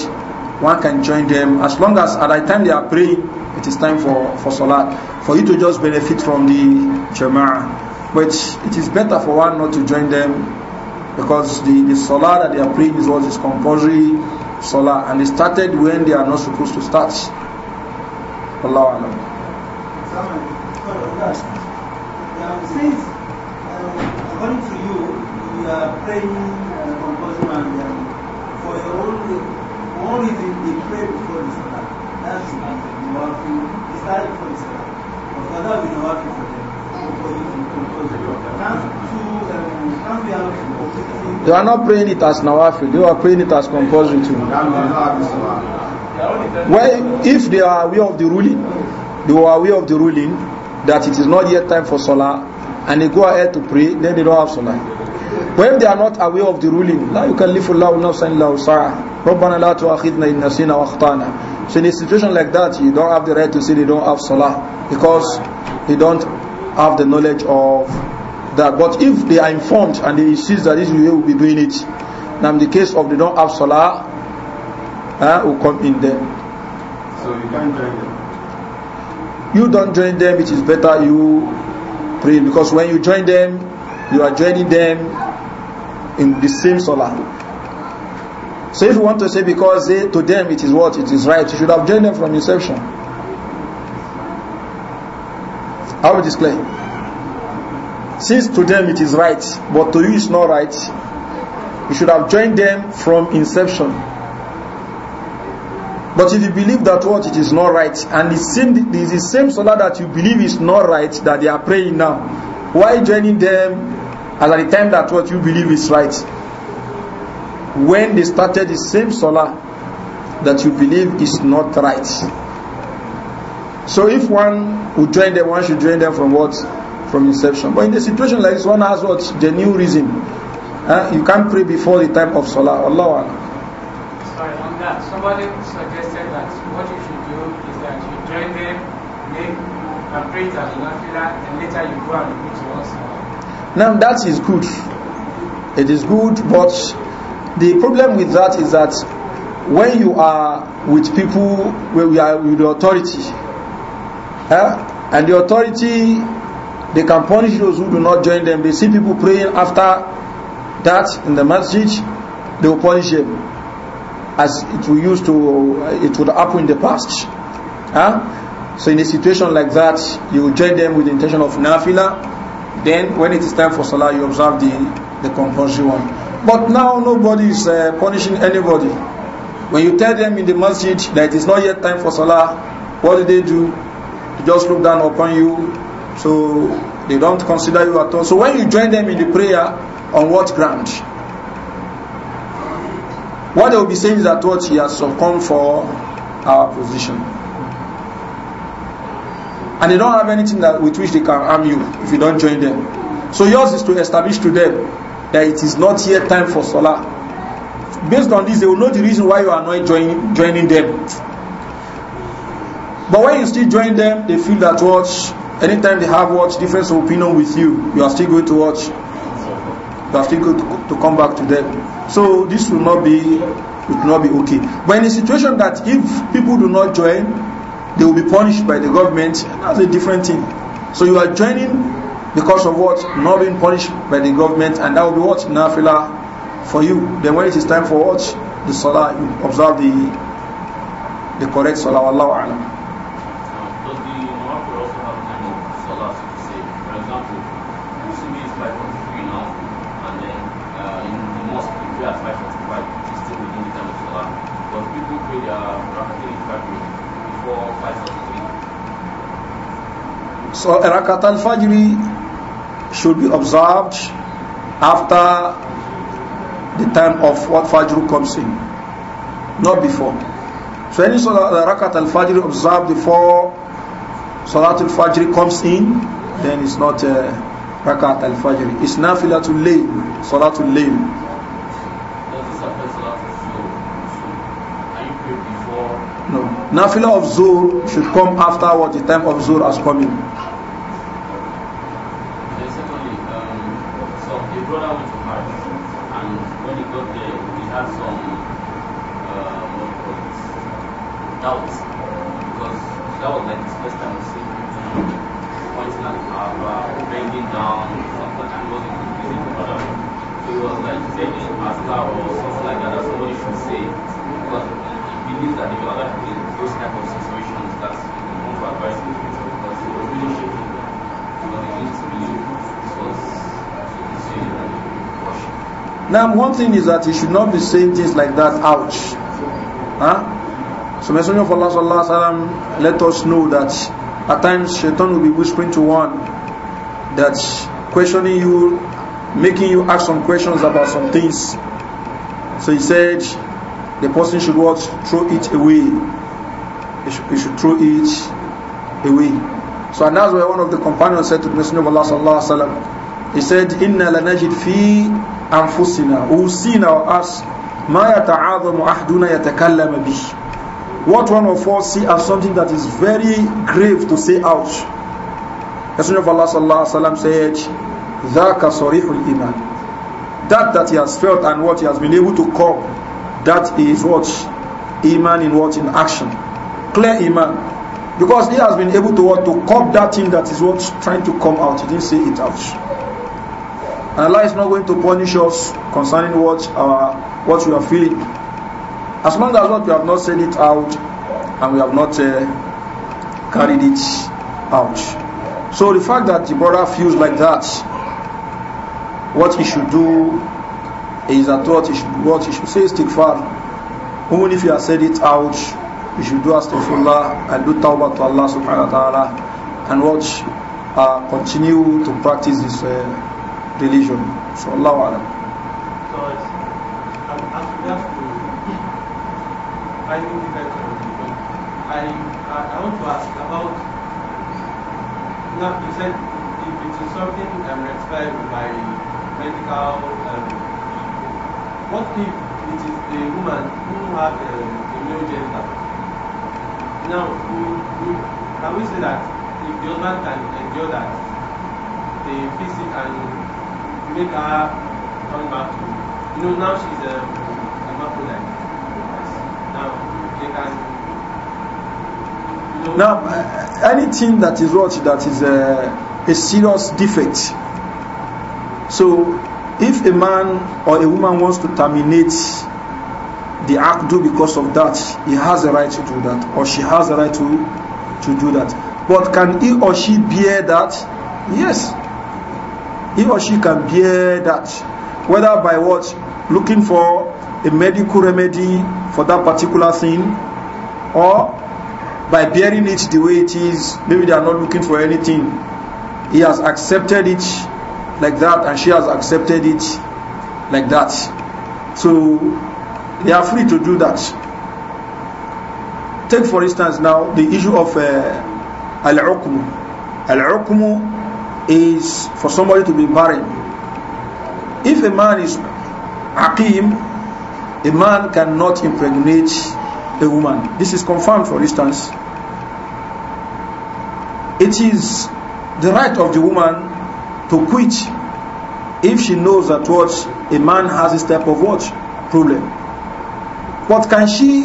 one can join them as long as at that time they are praying, it is time for, for salah. For you to just benefit from the jama'ah. But it is better for one not to join them because the, the salah that they are praying is what is compulsory salah and it started when they are not supposed to start. Allah Alam since according to you, you are praying and for your own they pray before That's But for that, we They are not praying it as nawafid. they are praying it as compulsory Well, if they are aware of the ruling, they were aware of the ruling that it is not yet time for salah and they go ahead to pray, then they don't have salah. When they are not aware of the ruling, لا يكلف الله نفسا إلا وسعها ربنا لا تؤاخذنا إن نسينا وأخطأنا. So in a situation like that, you don't have the right to say they don't have salah because they don't have the knowledge of that. But if they are informed and they insist that this way will be doing it, now in the case of they don't have salah, uh, eh, will come in there. So you can't join them. You don't join them, it is better you pray because when you join them, you are joining them in the same salah. So if you want to say because they, to them it is what? It is right, you should have joined them from inception. I will display. Since to them it is right, but to you it's not right, you should have joined them from inception. But if you believe that what it is not right, and the same the, the same salah that you believe is not right that they are praying now, why joining them as at the time that what you believe is right? When they started the same salah that you believe is not right. So if one would join them, one should join them from what? From inception. But in the situation like this, one has what? The new reason. Uh, you can't pray before the time of salah. Allah somebody suggested that what you should do is that you join them, make and pray in the nafila, and later you go and meet once. Now that is good. It is good, but the problem with that is that when you are with people where we are with the authority, eh, and the authority they can punish those who do not join them. They see people praying after that in the masjid, they will punish them as it used to uh, it would happen in the past. Huh? So in a situation like that, you join them with the intention of nafila. Then when it is time for salah, you observe the the compulsory one. But now nobody is uh, punishing anybody. When you tell them in the masjid that it is not yet time for salah, what do they do? They just look down upon you. So they don't consider you at all. So when you join them in the prayer, on what ground? What they will be saying is that what he has succumbed for our position. And they don't have anything that with which they can harm you if you don't join them. So yours is to establish to them that it is not yet time for Salah. Based on this, they will know the reason why you are not joining them. But when you still join them, they feel that watch, anytime they have watch difference of opinion with you, you are still going to watch. You are still going to, to come back to them. So this will not be will not be okay. But in a situation that if people do not join, they will be punished by the government, that's a different thing. So you are joining because of what? Not being punished by the government, and that will be what? Nafila for you. Then when it is time for what? The salah, you observe the the correct salah. Allahu Alam. Rakat al Fajr should be observed after the time of what Fajr comes in, not before. So any Salat uh, Rakat al-Fajr observed before Salat al-Fajr comes in, then it's not uh, Rakat al-Fajr. It's Nafilatul Layl, Salatul Layl. No. Nafila of Zuhr should come after what the time of Zuhr has come in. Now, one thing is that he should not be saying things like that, ouch. Huh? So, Messenger of Allah sallallahu alaihi wasallam let us know that at times shaitan will be whispering to one that questioning you, making you ask some questions about some things. So he said the person should what? Throw it away. He should, he should throw it away. So and that's why one of the companions said to the Messenger of Allah sallallahu alaihi wasallam, he said, "Inna lanajid fi أنفسنا We will see in our us ما يتعاظم أحدنا يتكلم به What one of us see as something that is very grave to say out. The Messenger of Allah sallallahu alaihi wasallam said, ذَاكَ صَرِيحُ iman." That that he has felt and what he has been able to curb, that is what? Iman in what? In action. Clear Iman because he has been able to what to curb that thing that is what trying to come out. He didn't say it out. And Allah is not going to punish us concerning what our what we are feeling. As long as what we have not said it out and we have not uh, carried it out. So the fact that the brother feels like that, what he should do is that what he should, what he should say is far. Even if you have said it out, you should do astaghfirullah and do tawbah to Allah subhanahu wa ta'ala and watch uh, continue to practice this uh, religion. So Allah Alam. So it's, um, as regards to finding the best religion, I, I, want to ask about, now you said if it is something um, expired by medical, um, what if it is a woman who has a, um, a male gender? Now, we, we, can we say that if the husband can endure that, the physical and make her come back to you know now she's um, a hermaphrodite now uh, anything that is what that is a, uh, a serious defect. So, if a man or a woman wants to terminate the akdu because of that, he has a right to do that, or she has a right to to do that. But can he or she bear that? Yes. he or she can bear that, whether by what looking for a medical remedy for that particular thing, or by bearing it the way it is. Maybe they are not looking for anything. He has accepted it like that, and she has accepted it like that. So they are free to do that. Take for instance now the issue of uh, al-ukmu. Al-ukmu is for somebody to be married. If a man is Akim, a man cannot impregnate a woman. This is confirmed, for instance. It is the right of the woman to quit if she knows that what a man has a type of what problem. But can she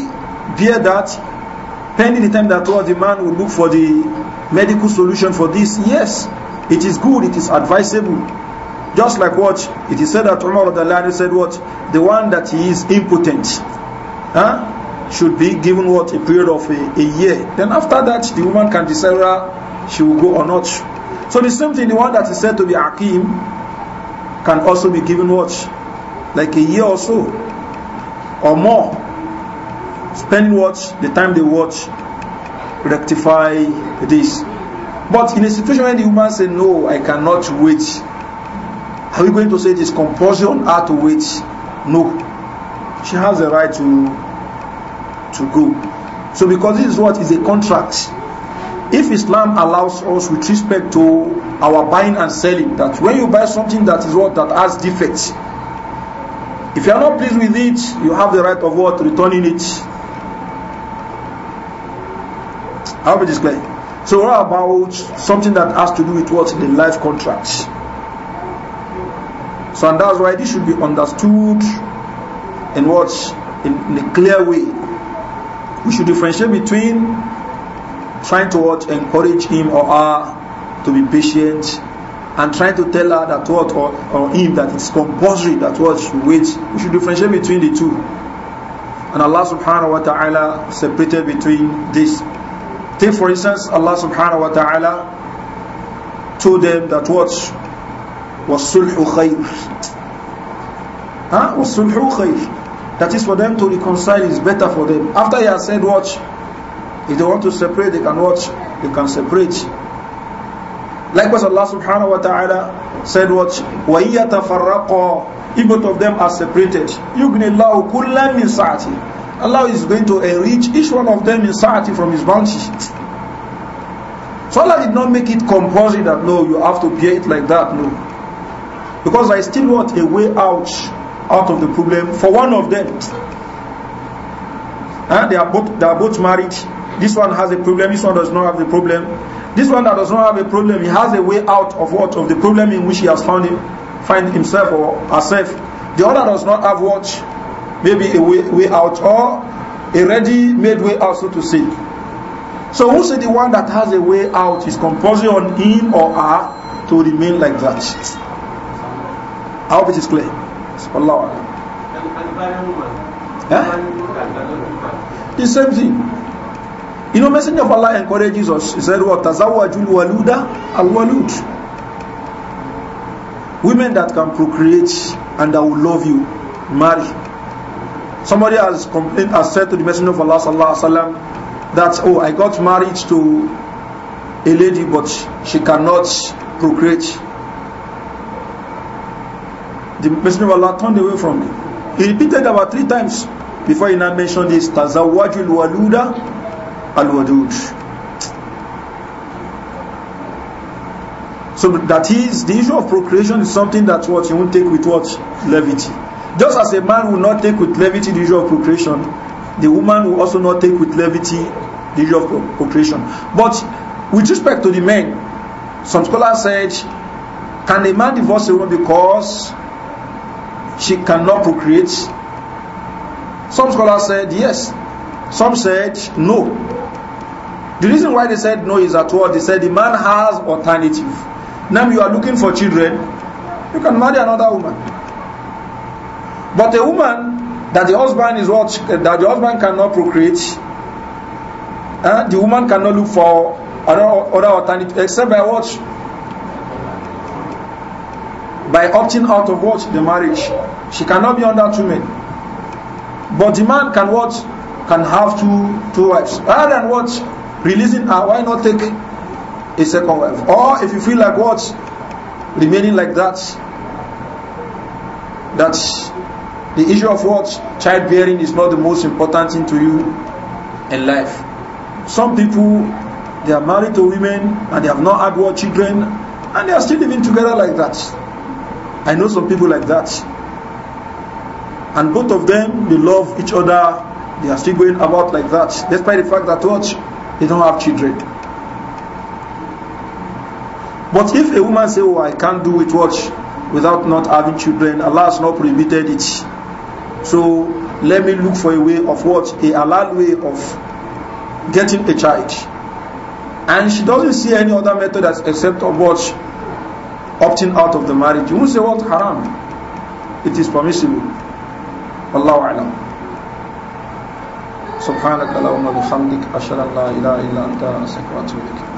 bear that pending the time that what the man will look for the medical solution for this? Yes, it is good, it is advisable. Just like what it is said that Umar Dalani said what? The one that he is impotent huh, should be given what? A period of a, a year. Then after that the woman can decide whether she will go or not. So the same thing, the one that is said to be Akim can also be given what? Like a year or so or more. Spend what? The time they watch rectify this. But in a situation where the woman say, No, I cannot wait, are we going to say this compulsion are to wait? No. She has the right to to go. So because this is what is a contract. If Islam allows us with respect to our buying and selling, that when you buy something that is what that has defects, if you are not pleased with it, you have the right of what returning it. I'll this clear. So what about something that has to do with what? The life contract. So and that's why this should be understood in what? In, in a clear way. We should differentiate between trying to what? Encourage him or her to be patient and trying to tell her that what or, or him that it's compulsory that what she wait. We should differentiate between the two. And Allah subhanahu wa ta'ala separated between this Take for instance, Allah subhanahu wa ta'ala told them that what? وَالصُّلْحُ خَيْرٌ huh? وَالصُّلْحُ خَيْرٌ That is for them to reconcile is better for them. After he has said what? If they want to separate, they can watch, they can separate. Likewise, Allah subhanahu wa ta'ala said what? وَإِيَّ تَفَرَّقَا If both of them are separated, يُغْنِ اللَّهُ كُلًّا مِنْ سَعَتِهِ Allah is going to enrich each one of them in sa'ati from His bounty. So Allah did not make it compulsory that no, you have to bear it like that, no. Because I still want a way out out of the problem for one of them. Huh? They, are both, they are both married. This one has a problem, this one does not have the problem. This one that does not have a problem, he has a way out of what? Of the problem in which he has found him, find himself or herself. The other does not have what? maybe a way, way out or a ready-made way also to seek. So who say the one that has a way out is composing on him or her to remain like that? I hope it is clear. Allah. The same thing. You know, Messenger of Allah encourages us. He said, What? Tazawajul waluda al walud. Women that can procreate and that will love you, marry. Somebody has complained, has said to the Messenger of Allah sallallahu alaihi wasallam that oh, I got married to a lady, but she cannot procreate. The Messenger of Allah turned away from me. He repeated about three times before he now mentioned this Tazawajul Waluda Al So that is the issue of procreation is something that what you won't take with what levity. Just as a man will not take with levity the issue of procreation, the woman will also not take with levity the issue of procreation. But with respect to the men, some scholars said, can a man divorce a woman because she cannot procreate? Some scholars said yes. Some said no. The reason why they said no is that what they said the man has alternative. Now you are looking for children, you can marry another woman. But a woman that the husband is what that the husband cannot procreate, uh, the woman cannot look for another other alternative except by what by opting out of what the marriage. She cannot be under two men. But the man can what can have two two wives. Rather than what releasing her, why not take a second wife? Or if you feel like what remaining like that, that's The issue of what? Childbearing is not the most important thing to you in life. Some people, they are married to women and they have not had what children and they are still living together like that. I know some people like that. And both of them, they love each other. They are still going about like that, despite the fact that what? They don't have children. But if a woman say, oh, I can't do it, what? Without not having children, Allah has not prohibited it. So let me look for a way of what? A halal way of getting a child. And she doesn't see any other method as, except of what? Opting out of the marriage. You won't say what? Haram. It is permissible. Allahu Alam. سبحانك اللهم وبحمدك أشهد أن لا إله إلا أنت أستغفرك وأتوب إليك